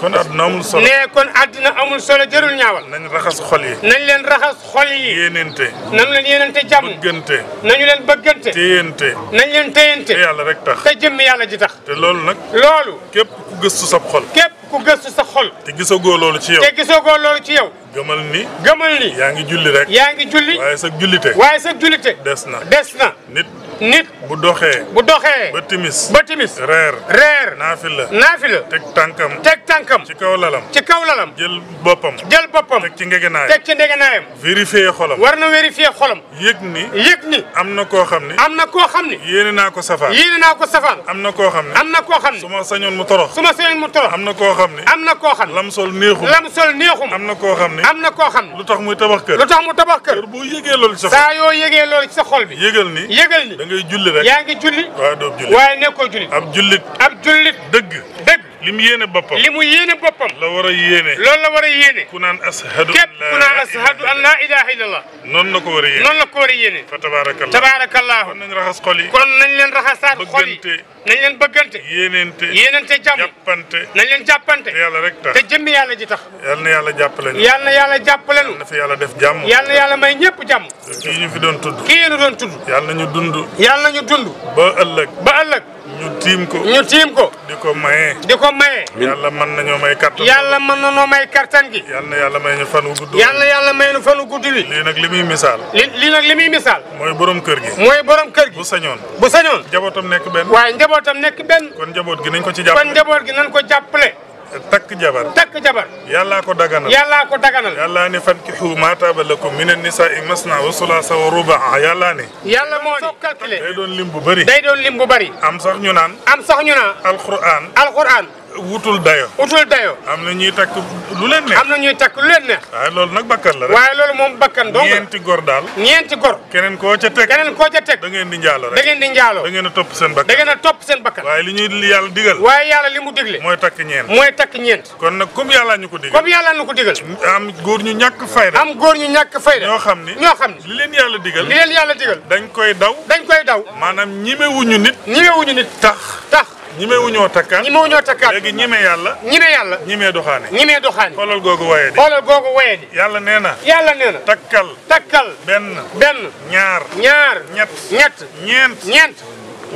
kon àdduna amul solo. nee kon àdduna amul solo jërul ñaawal. nañ raxas xol yi. nañ leen raxas xol yi. yéenente. nañ leen yéenente jàmm. bëggante. nañu leen bëggante. téyente. nañ leen téyente. te yàlla rek tax te jëmm yàlla ji tax. te loolu nag. loolu. képp ku gëstu sab xol. ku gëstu sa xol. te gisoo góor loolu ci yow te gisoo góor loolu ci yow. gëmal ni. gëmal ni yaa ngi julli rek. yaa ngi julli waaye sa jullite. waaye sa jullite. des na des na nit. nit bu doxee bu doxee ba timis ba timis reer reer naafila naafila teg tànkam teg tànkam ci kaw lalam ci kaw lalam jël boppam jël boppam teg ci ngegenaayam teg ci ngegenaayam vérifier xolam war na vérifier xolam yëg ni yëg ni am na koo xam ni am na koo xam ni yéene naa ko safaan yéene naa ko safaan am na koo xam ni am na koo xam ni su ma sañoon mu torox su ma sañoon mu torox am na koo xam ni am na koo xam ni lam sol neexum lam sol neexum am na koo xam ni am na koo xam ni lu tax muy tabax kër lu tax mu tabax kër boo yëgee loolu ci sa xol saa yoo yëgee loolu ci sa bi yëgal ni yëgal ni ngay julli rek. yaa ngi julli. waaye doo julli waaye nekkoo julli. ab jullit. ab jullit dëgg. dëgg. li mu yéene boppam li mu yéene boppam. la war a yéene. loolu la war a yéene. ku naan ashadu képp ku naan ashadu an laa ilaaha illallah. noonu la ko war a yéene noonu la ko war a yéene. fa tabaarakallah tabaarakallah. kon nañ raxas xol yi. kon nañ leen raxasaat xol yi bëggante. nañ leen bëggante. yéeneente yéeneente jàmm jàppante. nañ leen jàppante. te yàlla rek tax te jëmmi yàlla ji tax. yal na yàlla jàppale ñu. yal na yàlla jàppale ñu. yal na fi yàlla def jàmm. yal na yàlla may ñëpp jàmm. kii ñu fi doon tudd. kii ñu doon tudd. yal na ñu dund. yal na ñu dund. ba ëllëg ba ëllëg. ñu tiim ko. ñu tiim ko. di ko maye. di ko maye. yàlla mën nañoo may kattan. yàlla mën nañoo may kattan gi. yàlla na yàlla may ñu fanu gudd. yàlla yàlla may ñu fanu gudd wi. lii nag li muy misaal. li lii nag li muy misaal. mooy borom kër gi. mooy borom kër gi. bu sañoon. bu sañoon. njabootam nekk benn. waaye njabootam nekk benn. kon njaboot gi nañ ko ci jàppale. kon njaboot gi nañ ko jàppale. takk jabar takk jabar yalla ko daganal yàllaa ko daganal yàllaa ni fankihu maa taaba lakum mina nisaa'i masna wa sulaasa wa rubaa yàllaa ni yàlla moo soo calculé day doon lim bu bëri day doon lim bu bëri am sax ñu naan am sax ñu naan alquran alquran wutul dayo wutul dayo am na ñuy takk lu leen neex am na ñuy takk lu leen neex waaye loolu nag bakkan la rek waaye loolu moom bakkan dong ñeenti gor daal ñeenti gor keneen koo ca teg keneen koo ca teg da ngeen di njaaloo rek da ngeen di njaaloo da ngeen a topp seen bakkan da ngeen a topp seen bakkan waaye li ñuy yàlla digal waaye yàlla li mu digle mooy takk ñeent mooy takk ñeent kon nag comme yàlla ñu ko digal comme yàlla ñu ko digal am góor ñu ñàkk fayda am góor ñu ñàkk fayda ñoo xam ni ñoo xam ni li leen yàlla digal li leen yàlla digal dañ koy daw dañ koy daw maanaam ñimewuñu nit ñimewuñu nit tax tax ñimewu ñoo takkaat ñimewu ñoo takkaat léegi ñime yàlla ñime yàlla ñime doxaane ñime doxaane xoolal googu waye di xoolal googu waye di yàlla nee na yàlla nee na takkal takkal benn benn ñaar ñaar ñett ñett ñet ñeent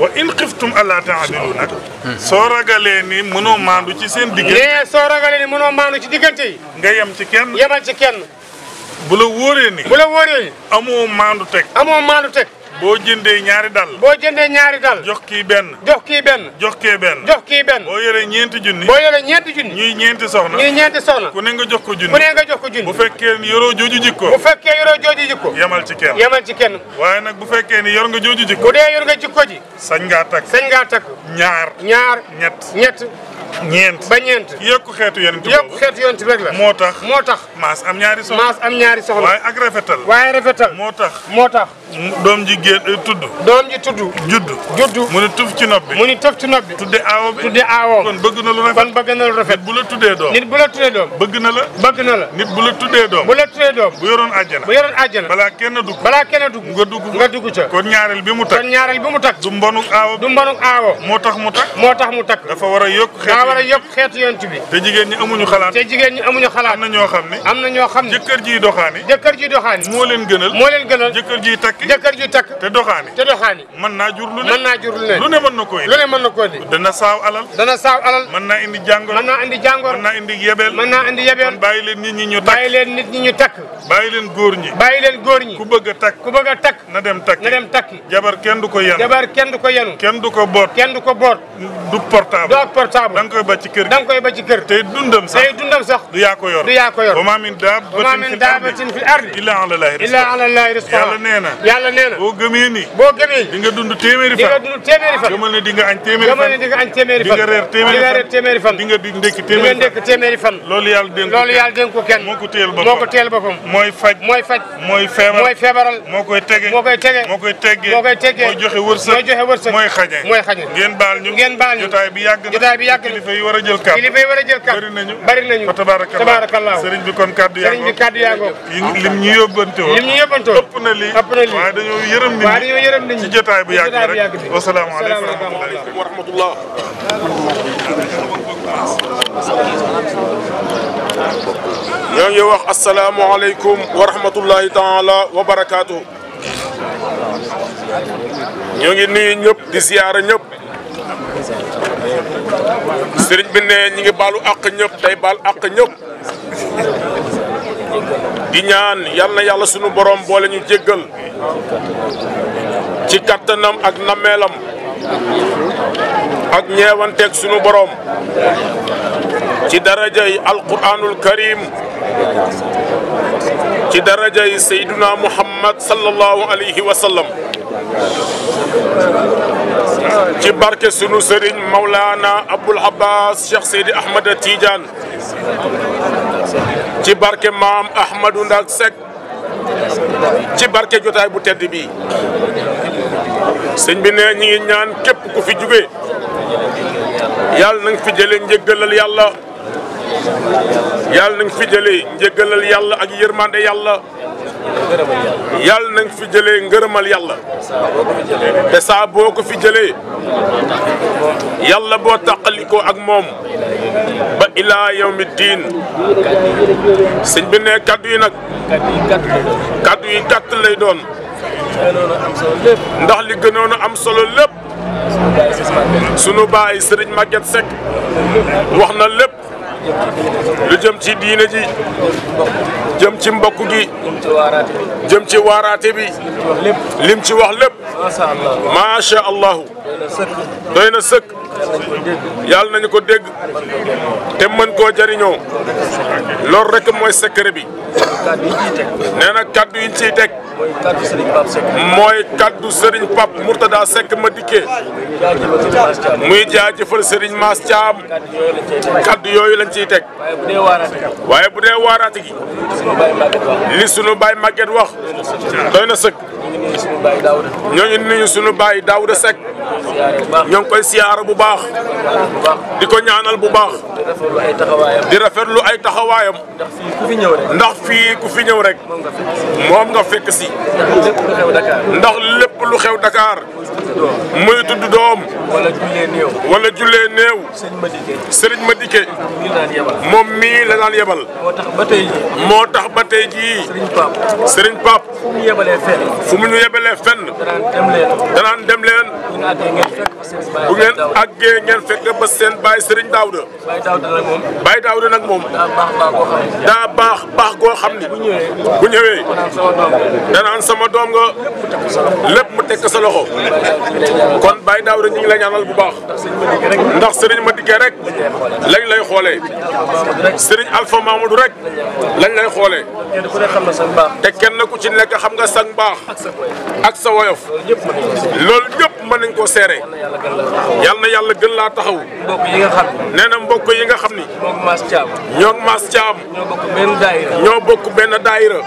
wa in xiftum alla taadilu nag soo ragalee ni mënoo maandu ci seen diggante nee soo ragalee ni mënoo maandu ci diggante yi nga yem ci kenn yemal ci kenn bu la wóoree ni bu la wóoree amoo maandu teg amoo maandu teg boo jëndee ñaari dal boo jëndee ñaari dal jox kii benn jox kii benn jox kii benn jox kii benn boo yoree ñeenti junni boo yoree ñeenti junni ñuy ñeenti soxna ñuy ñeenti soxna ku ne nga jox ko junni ku ne nga jox ko junni bu fekkee ni yoroo jooju jikko bu fekkee yoroo jooju jikko yemal ci kenn yemal ci kenn waaye nag bu fekkee ni yor nga jooju jikko bu dee yor nga jikko ji sañ ngaa takk ngaa takk ñaar ñaar ñett ñett ñeent ba ñeent yokku xeetu yonent yokku xeetu yonent rek la moo tax moo tax maas am ñaari soxla maas am ñaari soxla waaye ak rafetal waaye refetal moo tax moo tax doom ji gé eh, tudd doom ji tudd judd judd mu ni tuf ci nop bi mu ni tuf ci nopp bi tudde aawo bi tudde aawo kon bëgg na lu rafet kon bëgg na lu bu la tuddee doom nit bu la tuddee doom bëgg na la bëgg na la nit bu la tuddee doom bu la tuddee doom bu yoroon àjjana bu yoroon àjjana balaa kenn dug balaa kenn dugg nga dugg nga dugg ca kon ñaareel bi mu takk kon ñaareel bi mu takk du mbonuk aawo moo tax mu takk moo tax mu takk dafa war a yokk xeet saafara yëpp xeetu yonent bi te jigéen ñi amuñu xalaat te jigéen ñi amuñu xalaat am na ñoo xam ne am na ñoo xam ne jëkkër jiy doxaani jëkkër jiy doxaani moo leen gënal moo leen gënal jëkkër jiy takk jëkkër jiy takk te doxaani te doxaani mën naa jur lu ne mën naa jur lu ne lu ne mën na koy lu ne mën na koy dana saaw alal dana saaw alal mën naa indi jàngoro mën naa indi jàngoro mën naa indi yebeel mën naa indi yebeel bàyyi leen nit ñi ñu takk bàyyi leen nit ñi ñu takk bàyyi leen góor ñi bàyyi leen góor ñi ku bëgg a takk ku bëgg a takk na dem takk na dem takki jabar kenn du ko yenu jabar kenn du ko yenu kenn du ko boot kenn du ko boot du portable koy ba ci kër dang koy ba ci kër tey dundam sax tey dundam sax du ya ko yor du ya ko yor wa ma min daabatin fil ardi illa ala llahi illa ala llahi rizqa yàlla neena yàlla neena bo boo gëmee ni boo gëmee di nga dund temeri fa di nga dund temeri fa gëmal ne di nga añ téeméeri fan gëmal ne di nga añ téeméeri fan di nga reer téeméeri fan di nga reer téeméeri fan di nga di ndékki téeméeri fan di nga ndékki téeméeri fan loolu yàlla dénk loolu yàlla dénk ko kenn moo ko téel boppam moo ko téel faj mooy faj mooy feebar mooy feebaral moo tege moo tege moo koy teggee moo koy joxe wërsëg mooy joxe wërsëg mooy xañe mooy xañe ngeen baal ñu ngeen baal ñu jotaay bi yàgg na jotaay bi yàgg kilifa yi war a jël kàddu kilifa yi war a jël kàddu bari nañu bari nañu fa tabaarakallaa sëriñ bi kon kàddu yaa ngi kàddu yaa ngi lim ñu yóbbante woon lim ñu yóbbante woon ëpp na lii ëpp na lii waaye dañoo yërëm nit ñi waaye dañoo yërëm nit ñi ci jotaay bu yàgg rek wassalaamu aleykum wa rahmatullah ñoo ngi wax assalaamu aleykum wa rahmatullahi taala wa barakaatu ñoo ngi nuyu ñëpp di ziyaara ñëpp sëriñ bi ne ñi ngi baalu àq ñëpp tey baal àq ñëpp di ñaan yal na yàlla sunu borom boole ñu jéggal ci kattanam ak nameelam ak ñeewanteeg sunu borom ci darajay alquranul karim ci darajay sayduna muhammad sallallahu alayhi wa sallam ci barke sunu sëriñ Maulana Abul Abbas Cheikh Seydi Ahmad tiijan ci barke maam Ahmadou Ndak Seck ci barke jotaay bu tedd bi sëñ bi ne ñi ngi ñaan képp ku fi jugee yàlla na nga jële jëlee njëggalal yàlla yàlla na nga fi jëlee njëggalal yàlla ak yërmande yàlla yàlla na nga fi jëlee ngërëmal yàlla te saa boo ko fi jëlee yàlla boo ko ak moom ba ilaa yawmi diin sëñ bi ne kaddu yi nag kaddu yi gàtt lay doon ndax li gënoon a am solo lépp sunu baay sëriñ Maguette Seck wax na lépp lu jëm ci diine ji jëm ci mbokk gi jëm ci waaraate bi lim ci wax lépp macha allah doy na sëkk yàlla nañu ko dégg te mën koo jëriñoo loolu rek mooy secret bi nee na kaddu yi ñu ciy teg. mooy kaddu Serigne Pape Seck. mooy kaddu Serigne Pape Mourtada Seck ma dikkee. muy jaajëfal Serigne Mass Thiam. kaddu yooyu lañ ciy teg. waaye bu dee waaraate gi. li sunu baay màgget wax. doy na sëkk. ñoo ñu suñu baye Daouda sek ñoo koy siyaara bu baax diko ñaanal bu baax di rafetlu ay taxawayam ndax fi ku fi ñëw rek mom nga fekk si ndax lépp lu xew Dakar muy tuddu dom wala julé néew serigne Madike mom mi la daan yebal motax batay ji motax batay ji serigne pap serigne pap fu mu ñu yebalee fenn. danaan dem leen. bu ngeen àggee ngeen fekk ba seen baay Serigne Daouda. baay Daouda nag moom. daa baax baax goo xam ni. bu ñëwee. danaan sama doom nga. lépp mu tekk sa loxo. kon baay Daouda ñu ngi la ñaanal bu baax. ndax Serigne ma dikkee rek. xoolee sëriñ Alpha Mamadou rek lañ lay xoolee te kenn ku ci nekk xam nga sang baax ak sa woyof loolu ñëpp ma nañ ko seere yal na yàlla gën laa taxaw nee na mbokk yi nga xam ni ñoo maas caam ñoo bokk benn daayira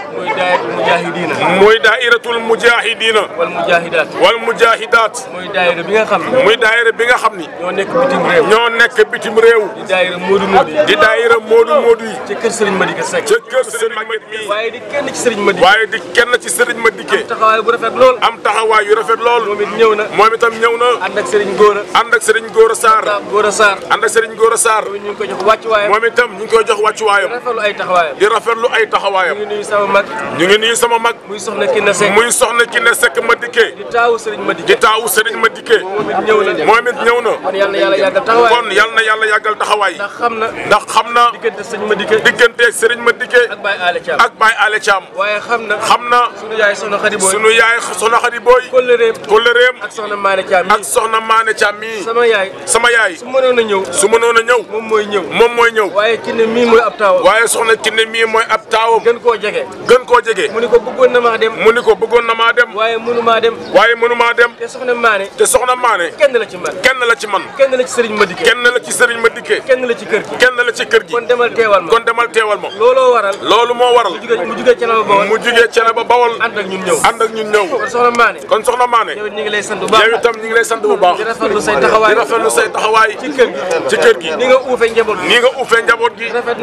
muy daayiratul mujaahidiina wal mujaahidaat muy daayira bi nga xam ni ñoo nekk bitim réew Modou Modou yi. di daayira Modou Modou yi. ca kër Serigne Madické Seck. ca kër Serigne Madické mii. waaye di kenn ci Serigne Madické. waaye di kenn ci Serigne Madické. am taxawaay bu rafet lool. am taxawaay yu rafet lool. moom it ñëw na. moom itam ñëw na. ànd ak Gora. ànd ak Serigne Gora Sarr. Gora Sarr. ànd ak Serigne Gora Sarr. moom ñu ngi koy jox wàccuwaayam. moom itam ñu ngi koy jox wàccuwaayam. di rafetlu ay ay taxawaayam. ñu ngi nuyu sama mag. muy soxna Kiné Seck. muy soxna di taawu Serigne Madické. di taawu Serigne Madické. kon yàlla na yàlla yàggal taxawaay xam na ndax xam na diggante sëriñ ma dikke diggante sëriñ ma dikke ak Baye Alé Thiam ak Baye Alé Thiam waaye xam na xam na sunu yaay soxna Xadi Booy sunu yaay soxna Xadi Booy kollereem kollereem ak soxna Maane Thiam ak soxna Maane Thiam mii sama yaay sama yaay su mënoon a ñëw su ma a ñëw moom mooy ñëw moom mooy ñëw waaye kinne mii mooy ab taawam waaye soxna kinne mii mooy ab taawam gën koo jege gën koo jege mu ni ko bëggoon na maa dem mu ni ko bëggoon na maa dem waaye mënu maa dem waaye mënu maa dem te soxna Maane te soxna Maane kenn la ci man kenn la ci man kenn la sëriñ ma dikke kenn la ci sëriñ ma kër gi kenn la ci kër gi kon demal teewal ma kon demal teewal ma looloo waral loolu moo waral mu jugee cene ba bawal mu ak ñun ñëw ànd ak ñun ñëw kon soxna Mané kon soxna Mané yow ñu ni nga uufee njaboot gi rafet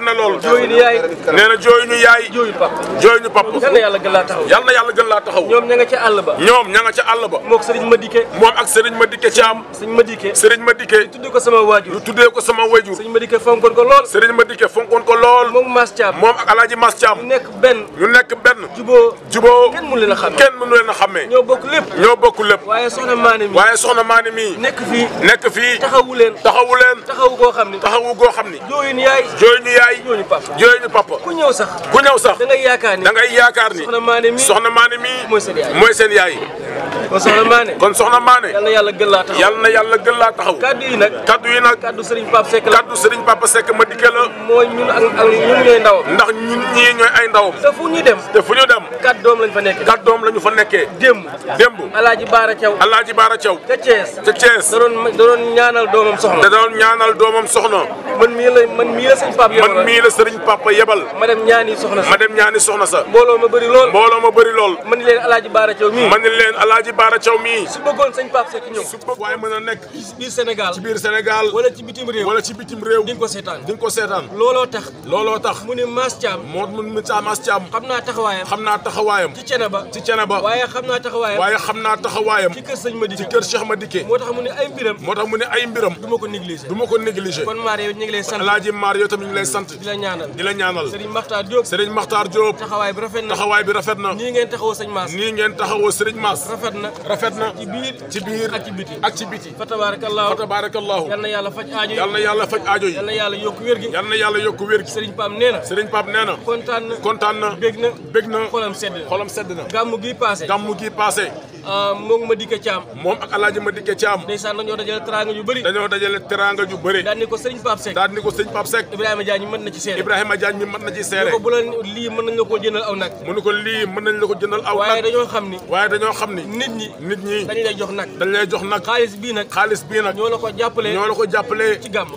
na lool jooyu ñu yaay nee na jooyu ñu yaay jooyu pap jooyu yal na yàlla gën laa taxaw yal na yàlla gën laa taxaw ñoom ña nga àll ba ñoom ña nga àll ba moom ak sëriñ ma dikke sëriñ ma dikke sëriñ ma dikke sëriñ ma dikke tuddee ko sama waajur wayjur sëriñ Madické fonkoon ko lool sëriñ Madické fonkoon ko lool moom Mass Thiam moom ak alaaji Mass Thiam ñu nekk benn ñu nekk benn juboo juboo kenn mënu leen a xàmmee kenn mënu leen a xàmmee ñoo bokk lépp ñoo bokk lépp waaye soxna maani mi waaye soxna maani mi nekk fii nekk fii taxawu leen taxawu leen taxawu koo xam ni taxawu koo xam ni jooyu ñu yaay jooyu ñu yaay jooyu ñu papa jooyu ñu papa ku ñëw sax ku ñëw sax da ngay yaakaar ni da ngay yaakaar ni soxna maani mi soxna maani mi mooy seen yaay mooy seen yaay kon soxna maane kon soxna maane yal na yàlla gën laa taxaw yal na yàlla gën laa taxaw kaddu yi nag kaddu yi nag kaddu sëriñ Pape Seck kaddu sëriñ Papa Seck ma ndax ñun ñii ay ndaw te ñu dem te fu ñu dem kat doom lañ fa nekkee kat doom lañu fa nekkee démb démb alaaji Baara Thiaw alaaji Baara Thiaw ca Thiès ca Thiès da doon da doon ñaanal doomam soxna da doon ñaanal doomam soxna man mii la man mii la sëriñ Papa yebal man mii la sëriñ Papa yebal ma dem ñaani soxna sa mbooloo ma bëri lool mbooloo ma bëri lool man leen alaaji Baara Thiaw mii man leen alaaji Baara Thiaw mii su bëggoon sëriñ Papa Seck ñëw su bëgg waaye mën bitim réew di nga ko seetaan di nga ko seetaan looloo tax looloo tax mu ne Mass Thiam moo mu ne sa Mass xam naa taxawaayam xam naa taxawaayam ci Thiénaba ci Thiénaba waaye xam naa taxawaayam waaye xam naa taxawaayam ci kër sëñ Madické ci moo tax mu ne ay mbiram moo tax mu ne ay mbiram du ma ko négliger du ma ko négliger kon Mar yow ñu ngi lay sant Alaaji Mar yow tamit ñu ngi lay sant di la ñaanal di la ñaanal Serigne Makhtar Diop Serigne Makhtar Diop taxawaay bi rafet na taxawaay bi rafet na nii ngeen taxawoo sëñ Mass nii ngeen taxawoo Serigne Mass rafet na rafet na ci yàlla yàlla faj aajo yi yal na yàlla yokk wér gi yal na yàlla yokk wér gi sëriñ Pape nee na sëriñ Pape nee na kontaan na kontaan na bég na bég na xolam sedd na xolam gi passé gàmmu gi passé ah, moom ma dikke caam moom ak alaaji ma dikke caam ndeysaan dajale teranga yu bëri dañoo dajale teranga yu bëri daal ni ko sëriñ Pape Seck daal ni ko sëriñ Pape na ci seere Ibrahima Diagne mi mën na ci seere ko bu la lii mën nañ la ko jëndal aw nag mu ne waaye dañoo xam ni waaye dañoo xam ni nit ñi nit ñi dañ lay jox nag dañ lay jox nag xaalis bii nag xaalis bii nag ñoo ko jàppale ñoo la ko jàppale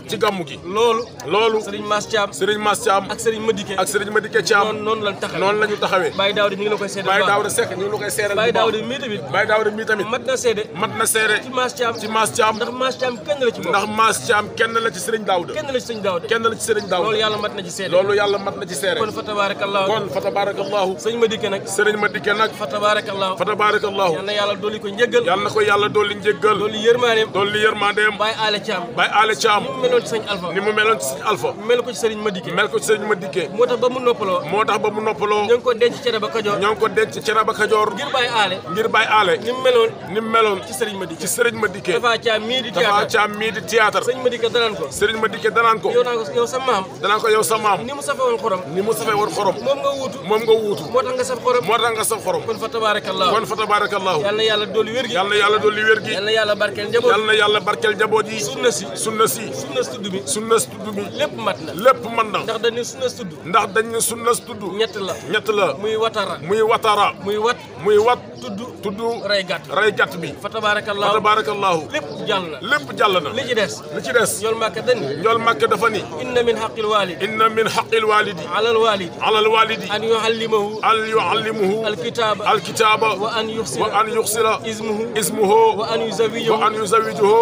ci gàmmu gi. loolu loolu. Serigne Mass Thiam Serigne Mass Thiam. ak Serigne Madike ak Serigne Madike Thiam. noonu noonu lañ taxawee noonu la ñu taxawee. Baye Daouda ñu ngi la koy seede. Baye Daouda Seck ñu ngi la koy seede. Baye Daouda mii tamit. Baye Daouda mii tamit. mat na seede. mat na seede. ci Mass Thiam ci Mass Thiam. ndax Mass Thiam kenn la ci moom. ndax Mass Thiam kenn la ci Serigne Daouda. kenn la ci Serigne Daouda. kenn la ci Serigne Daouda. loolu yàlla mat na ci seede. loolu yàlla mat na ci seede. kon fa tabarakallahu. kon fa tabarakallahu. Serigne Madike nag. Serigne Madike nag. fa tabarakallahu. fa tabarakallahu. yal na yàlla dolli ko njëggal. yal na ko yàlla dolli njëggal. dolli yërmandeem. dolli yërmandeem. Baye Alé Thiam. Baye Alé Thiam. meloon ci sëñ Alpha ni mu meloon ci sëñ Alpha mel ko ci sëriñ Madické mel ko ci sëriñ Madické moo tax ba mu noppaloo moo tax ba mu noppaloo ñoo ngi ko denc cere ba Kajoor ñoo ngi ko denc cere ba Kajoor ngir bàyyi aale ngir bàyyi aale ni mu meloon ni mu meloon ci sëriñ Madické ci sëriñ Madické dafa caam mii di théâtre dafa caam mii di théâtre sëriñ Madické danaan ko sëriñ Madické danaan ko yow naa ko yow sa maam danaan ko yow sa maam ni mu safee woon xorom ni mu safee woon xorom moom nga wuutu moom nga wuutu moo tax nga saf xorom moo tax nga saf xorom kon fa tabarakallah kon fa tabarakallah yal na yàlla dolli wér gi yal na yàlla dolli wér gi yal na yàlla barkeel njaboot yal na yàlla barkeel njaboot yi sunna si sunna si sunnas tudd bi sunnas tudd bi lépp mat na lépp mat na ndax dañ ne sunnas tudd ndax dañ ne sunnas tudd ñett la ñett la muy watara muy watara muy wat muy wat tudd tudd rey gàtt rey gàtt bi fa tabaarakallaahu fa tabaarakallaahu lépp jàll na lépp jàll na li ci des li ci des ñool màkk dañ ñool màkk dafa ni inna min xaqil waalidi inna min xaqil waalidi alal waalidi alal waalidi an yuallimahu an yuallimahu alkitaaba alkitaaba wa an yuxsila wa an yuxsila ismuhu ismuhu wa an yuzawijahu wa an yuzawijahu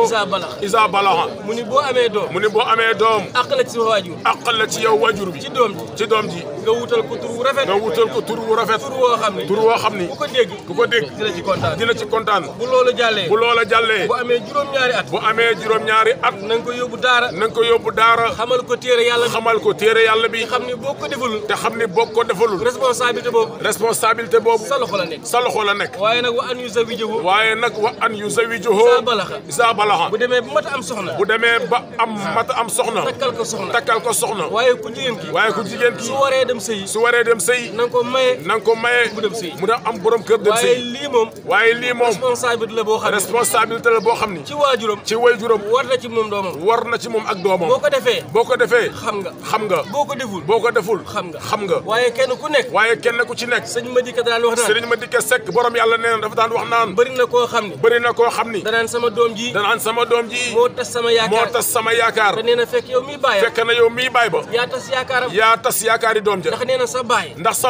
isa balaxa mu ni boo amee doom muni bo amé dom doom àq la ci sa waajur ci yow wajur bi ci dom ji ci dom ji nga wutal ko tur wu rafet nga wutal ko tur wu rafet tur wo xamni ne tur woo xam ni ku ko dégg ku ko deg dina ci contane dina ci contane bu loola jalle bu loola jalle bu amé juróom-ñaari at bu amé juróom-ñaari at nang ko yóbbu dara nang ko yóbbu dara xamal ko téré yàlla xamal ko téré yàlla bi xamni boko boo te xamni boko boo responsabilité bob responsabilité bob sa loxo la nek sa loxo la nek waye nak wa an yu zawijuhu waye nak wa an yu zawijuhu isa balaha isa balaha bu démé ba mata am soxna bu démé ba am mat am soxna takkal ko soxna takkal ko soxna waaye ku jigéen ki waaye ku jigéen ki su waree dem sëyi su waree dem sëyi na nga ko maye na nga ko maye mu dem sëyi mu dem am borom kër dem sëyi waaye lii moom waaye lii moom responsabilité la boo xam ne responsabilité la boo xam ne ci waajuram ci waajuram war na ci moom doomam war na ci moom ak doomam boo ko defee boo ko defee xam nga xam nga boo ko deful boo ko deful xam nga xam nga waaye kenn ku nekk waaye kenn ku ci nekk sëñ ma dikka daan wax naan sëriñ ma dikka sekk borom yàlla nee na dafa daan wax naan bëri na koo xam ne bëri na koo xam ne danaan sama doom ji danaan sama doom ji moo tas sama yaakaar moo tas sama yaakaar yaakaar te nee na fekk yow miy baay fekk na yow miy baay ba yaa tas yaakaaram yaa tas yaakaari doom ja ndax nee na sa baay ndax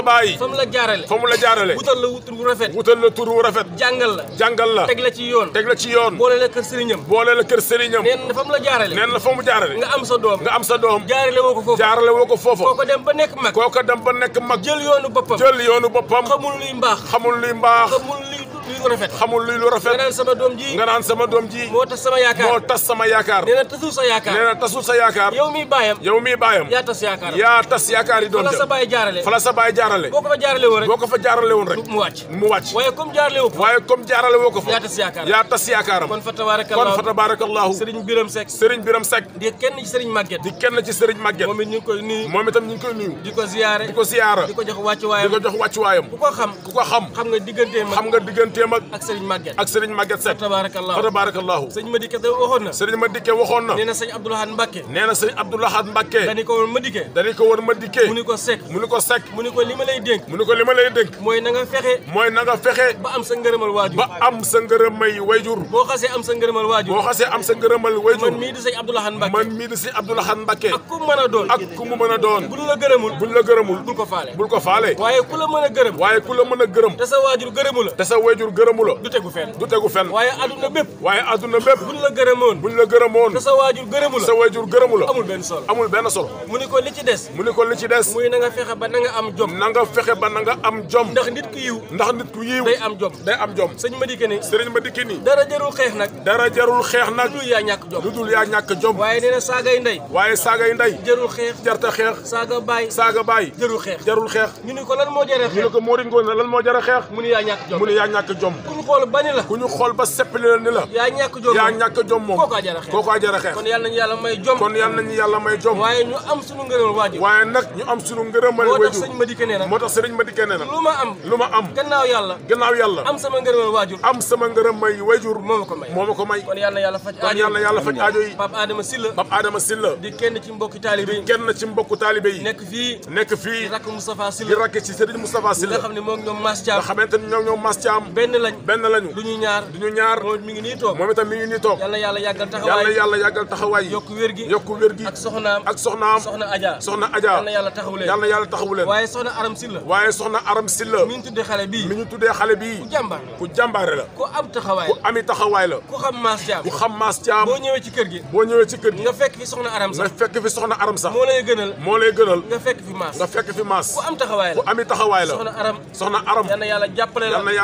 jàngal la teg la ci yoon boole la kër sëriñam boole la kër sëriñam nee na fa mu jaarale nga am sa doom nga am sa doom jaarale woo ko foofu kooko dem ba nekk mag kooko dem ba nekk mag jël yoonu boppam jël yoonu boppam xamul luy mbaax xamul luy mbaax luy lu rafet xamul luy lu rafet nga naan sama doom ji nga naan sama moo tas sama yaakaar moo tasul sa yaakaar nee baayam yow baayam yaa tas yaakaar yi doon jaarale fa la jaarale boo ko fa jaarale woon rek mu wàcc mu wàcc waaye comme jaarale woo ko fa yaa tas yaakaar yaa tas yaakaaram kon fa tabarakallahu kon fa Biram Seck Serigne kenn ci Serigne Maguette di kenn ci Serigne Maguette moom it ñu koy nuyu moom itam ñu koy nuyu di ko ziyaare di ko ziyaara di ko jox di ko jox digganteem ak ak Serigne Maguette ak Serigne Maguette Seck fa tabarakallahu sëñ Madické waxoon na Serigne Madické waxoon na nee na sëñ Abdou Lahad Mbacké nee na sëñ Abdou Lahad Mbacké dañu ko woon Madické dañu ko woon Madické mu ni ko Seck mu ni ko Seck mu ni ko li ma lay dénk mu ni ko li ma lay dénk mooy na nga fexe mooy na nga fexe ba am sa ngërëmal waajur ba am sa ngërëmay wayjur boo xasee am sa ngërëmal waajur boo xasee am sa ngërëmal wayjur man mii di sëñ Abdou Lahad Mbacké man mii di sëñ Abdou Lahad Mbacké ak ku mu mën a doon ak ku mu mën a doon buñ la gërëmul buñ la gërëmul bul ko faale bul ko faale waaye ku la mën a gërëm waaye ku la mën a gërëm te sa waajur gërëmu la te sa waajur waajur gërëmu la du tegu fenn du tegu fenn waaye adduna bépp waaye adduna bépp buñ la gërëmoon buñ la gërëmoon te sa waajur gërëmu la sa waajur gërëmu la amul benn solo amul benn solo mu ni ko li ci des mu ni ko li ci des muy na fexe ba na am jom ba na nga am jom ndax nit ku yiw ndax nit ku yiw day am jom sëñ ma dikke ni sëriñ ma dikke ni dara jarul xeex nag dara jarul xeex nag lu dul na ko lan moo jara xeex ñu ni ko moo di ko lan moo jara xeex mu ni yaa ñàkk jom jom ku ñu xool ba ni la ku ñu xool ba seppali la ni la yaa ñàkk jom yaa ñàkk jom moom kookaa jara xeex kookaa jara xeex kon yal nañu yàlla may jom kon yal nañu yàlla may jom waaye ñu am sunu ngërëmal waajur waaye nag ñu am sunu ngërëmal waajur moo tax sëñ ma dikke nee na moo tax sëriñ ma dikke nee na lu ma am lu ma am gannaaw yàlla gannaaw yàlla am sama ngërëmal waajur am sama ngërëm may waajur moo ma ko may moo ma ko may kon yal na yàlla faj kon yal na yàlla faj aajo yi Pape Adama Sylla Pape Adama Sylla di kenn ci mbokki taalibe yi kenn ci mbokku taalibe yi nekk fii nekk fii di rakk Moustapha Sylla di rakk ci sëriñ Moustapha Sylla nga xam ne moom ñoom Mass Thiam nga xamante ni ñoom ñoom Mass Thiam benn lañ benn lañu du ñu ñaar du ñu ñaar moom mi ngi waaye soxna Aram Silla mi ñu tuddee xale bii mi ñu tuddee xale bii ku jàmbaar la ku jàmbaare la ku am taxawaay ku ami taxawaay la ku xam maas taxawaay la ku ami taxawaay la soxna Aram soxna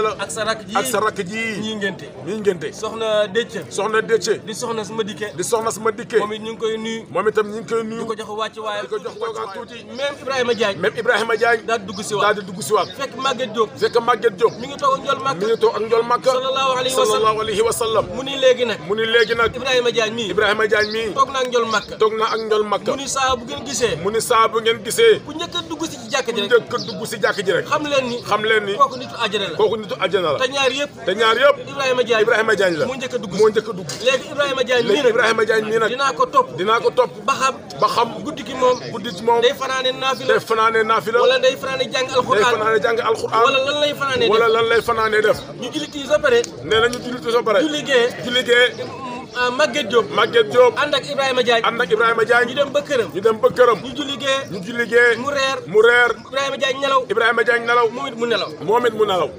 la la ak sa rakk ji ak sa rakk ji ñii ngénte ñii ngénte soxna Déthié soxna Déthié di soxna su ma dikkee di soxna su ma dikkee moom it ñu ngi koy nuyu moom itam ñu ngi koy di ko jox wàcc waaye di ko jox wàcc tuuti même Ibrahima Diagne même Ibrahima Diagne daal di dugg si waat daal di dugg si waat fekk Maguette Diop fekk Maguette Diop mi ngi toog ak njol màkk mi ngi toog ak njol màkk sallallahu mu ni léegi nag mu ni léegi nag Ibrahima Diagne mii Ibrahima Diagne mii toog naa ak njol màkk toog naa ak njol màkk mu ni saa bu ngeen gisee njëkk a dugg ji rek ku a dugg si xam leen ni xam ni kooku nitu àjjana la nitu àjjana la ñaar yëpp te ñaar yëpp Ibrahima Diagne Ibrahima Diagne la moo njëkk a dugg moo jëkk a dugg léegi Ibrahima Diagne nii nag Ibrahima Diagne nii nag dinaa ko topp dinaa ko topp ba xam ba moom guddi gi moom day fanaane naafila day fanaane naafila wala day fanaane jàng alxuraan day fanaane lan lay fanaane def wala lan lay fanaane ñu julliti sa pare nee na ñu julliti sa pare julli gee julli gee ah, Maguette Diop Maguette Diop ànd ak Ibrahima Diagne ànd ak Ibrahima Diagne ñu dem ba këram ñu dem ba këram ñu julli gee ñu julli gee mu reer mu reer Ibrahima Diagne nelaw Ibrahima Diagne nelaw moom it mu nelaw moom it mu nelaw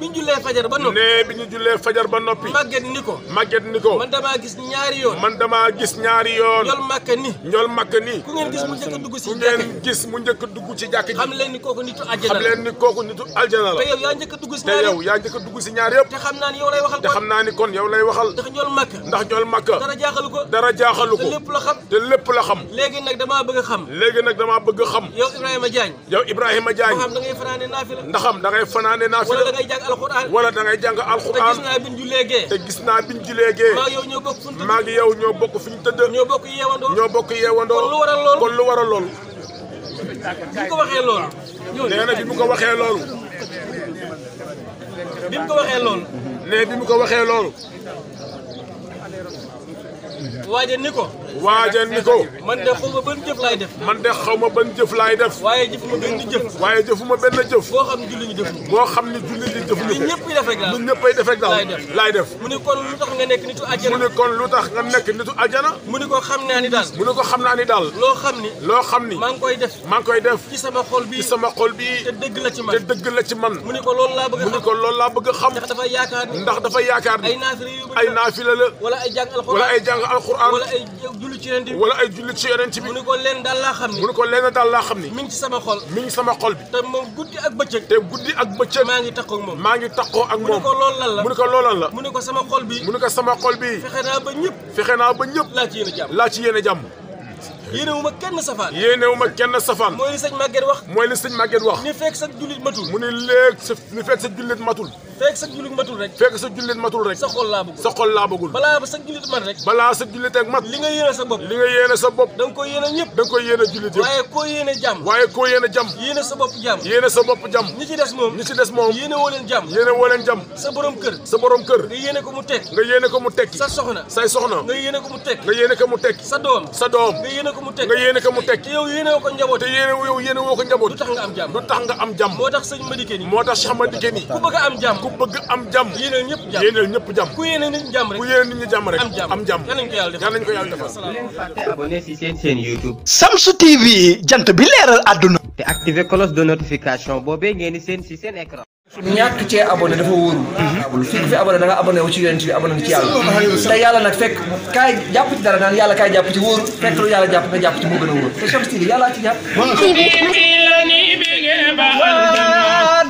bi ñu jullee fajar ba noppi nee bi ñu jullee fajar ba noppi màgget ni ko màgget ni ko man damaa gis ñaari yoon man damaa gis ñaari yoon njol màkka ni njol màkka ni ku ngeen gis mu njëkk a dugg ci ku ngeen gis njëkk a ci jàkk ji xam leen ni kooku nitu aljana la xam leen ni te yow yaa njëkk dugg ci ñaar yow yaa njëkk a te xam naa ni yow lay waxal te xam naa ni kon yow lay waxal ndax njol màkka ndax njol màkka dara jaaxalu ko dara jaaxalu ko te lépp la xam te lépp léegi nag damaa bëgg a xam léegi nag dama bëgg xam yow Ibrahima Diagne yow Ibrahima Diagne ndaxam da ngay alxuraan wala da ngay jàng alxuraan te gis naa biñ julee gee te gis naa biñ julee gee maa ngi yow ñoo bokk fu ñu tëdd yow ñoo bokk fu ñu ñoo bokk yeewandoo ñoo bokk yeewandoo kon lu waral loolu kon lu waral loolu bi ko waxee loolu nee bi mu ko waxee loolu ko waxee loolu nee bi mu ko waxee loolu waaje ni ko waaja ni ko. man de xaw ma ban jëf laay def. man de ma ban jëf laay def. waaye jëfuma benn jëf. waaye jëfuma benn jëf. boo xam ne julli ñu xam ne julli ñu jëf ñu. ñun ñëpp def rek daal ñun ñëpp def rek daal. laay def mu ni kon lu tax nga nekk nitu ajana. mu ni ko xam naa ni daal. mu ni ko xam naa ni daal. loo xam ni. loo xam ni. maa ngi koy def. maa ngi koy def. ci sama xol bii ci sama xol bi te dëgg la ci man dëgg la ci man. mu ni ko loolu laa bëgg a xam mu ni ko loolu laa bëgg a xam. ndax dafa yaakaar ni. ndax dafa yaakaar ni. ay naafila la ay jàng alxuraan julli ci yonent bi wala ay julli ci yonent bi mu ni ko leen daal laa xam ni mu ni ko leen daal laa xam ni mi ngi ci sama xol mi ngi sama xol bi te moom guddi ak bëccëg te guddi ak bëccëg maa ngi takkoo ak moom maa ngi takkoo ak moom mu ni ko lool lan la mu ni ko lool lan la mu ni ko sama xol bi mu ni ko sama xol bi fexe naa ba ñëpp fexe naa ba ñëpp laa ci yéen a jàmm laa ci yéen a jàmm yéenewu ma kenn safaan yéenewu ma kenn safaan mooy li sëñ Maguette wax mooy li sëñ Maguette wax ni fekk sa jullit matul mu ni léeg sa ni fekk sa jullit matul fekk sa jullit matul rek fekk sa jullit matul rek sa xol laa bëggul sa xol laa bëggul balaa sa jullit mat rek balaa sa jullit ak mat li nga yéene sa bopp li nga yéene sa bopp da nga koy yéene ñëpp da nga koy yéene jullit yëpp waaye koo yéene jàmm waaye koo yéene jàmm yéene sa bopp jàmm yéene sa bopp jàmm ñi ci des moom ñi ci des moom yéene woo leen jàmm yéene woo leen jàmm sa borom kër sa borom kër nga yéene ko mu tekk nga yéene ko mu tekk sa soxna say soxna nga yéene ko mu tekk nga yéene ko mu tekk sa doom sa doom nga yéene ko mu tekk nga yéene ko mu tekk te yow yéene woo ko njaboot te yéene yow yéene woo ko njaboot du tax nga am jàmm du tax nga am jàmm moo tax sëñ Madike ni moo tax Cheikh Madike ni ku bëgg a am jàmm ku bëgg am jàmm. yéenal ñëpp jàmm yéenal ñëpp jàmm. ku yéenal nit ñi jàmm rek ku yéenal nit ñi jàmm rek. am jàmm yal nañu ko yàlla defal bu leen fàtte abonné ci seen chaîne YouTube. Shamsu TV jant bi leeral àdduna. te activé cloche de notification boobee ngeen di seen ci seen écran. ñàkk cee abonné dafa wóorul mhm. fii ku fi abonné da nga abonné wu ci yonent bi abonné ci yàlla te yàlla nag fekk kaay jàpp ci dara naan yàlla kaay jàpp ci wóor fekk lu yàlla jàpp nga jàpp ci moo gën a wóor te Shamsu TV yàllaa ci jàpp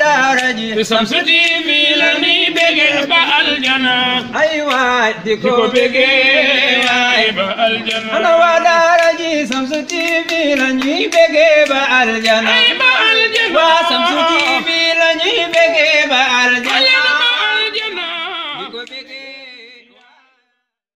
daara ji te Shamsu TV la ni bégee ay waay di ko bégee waay ba aljana ana waa daara ji Shamsu TV ay ba aljana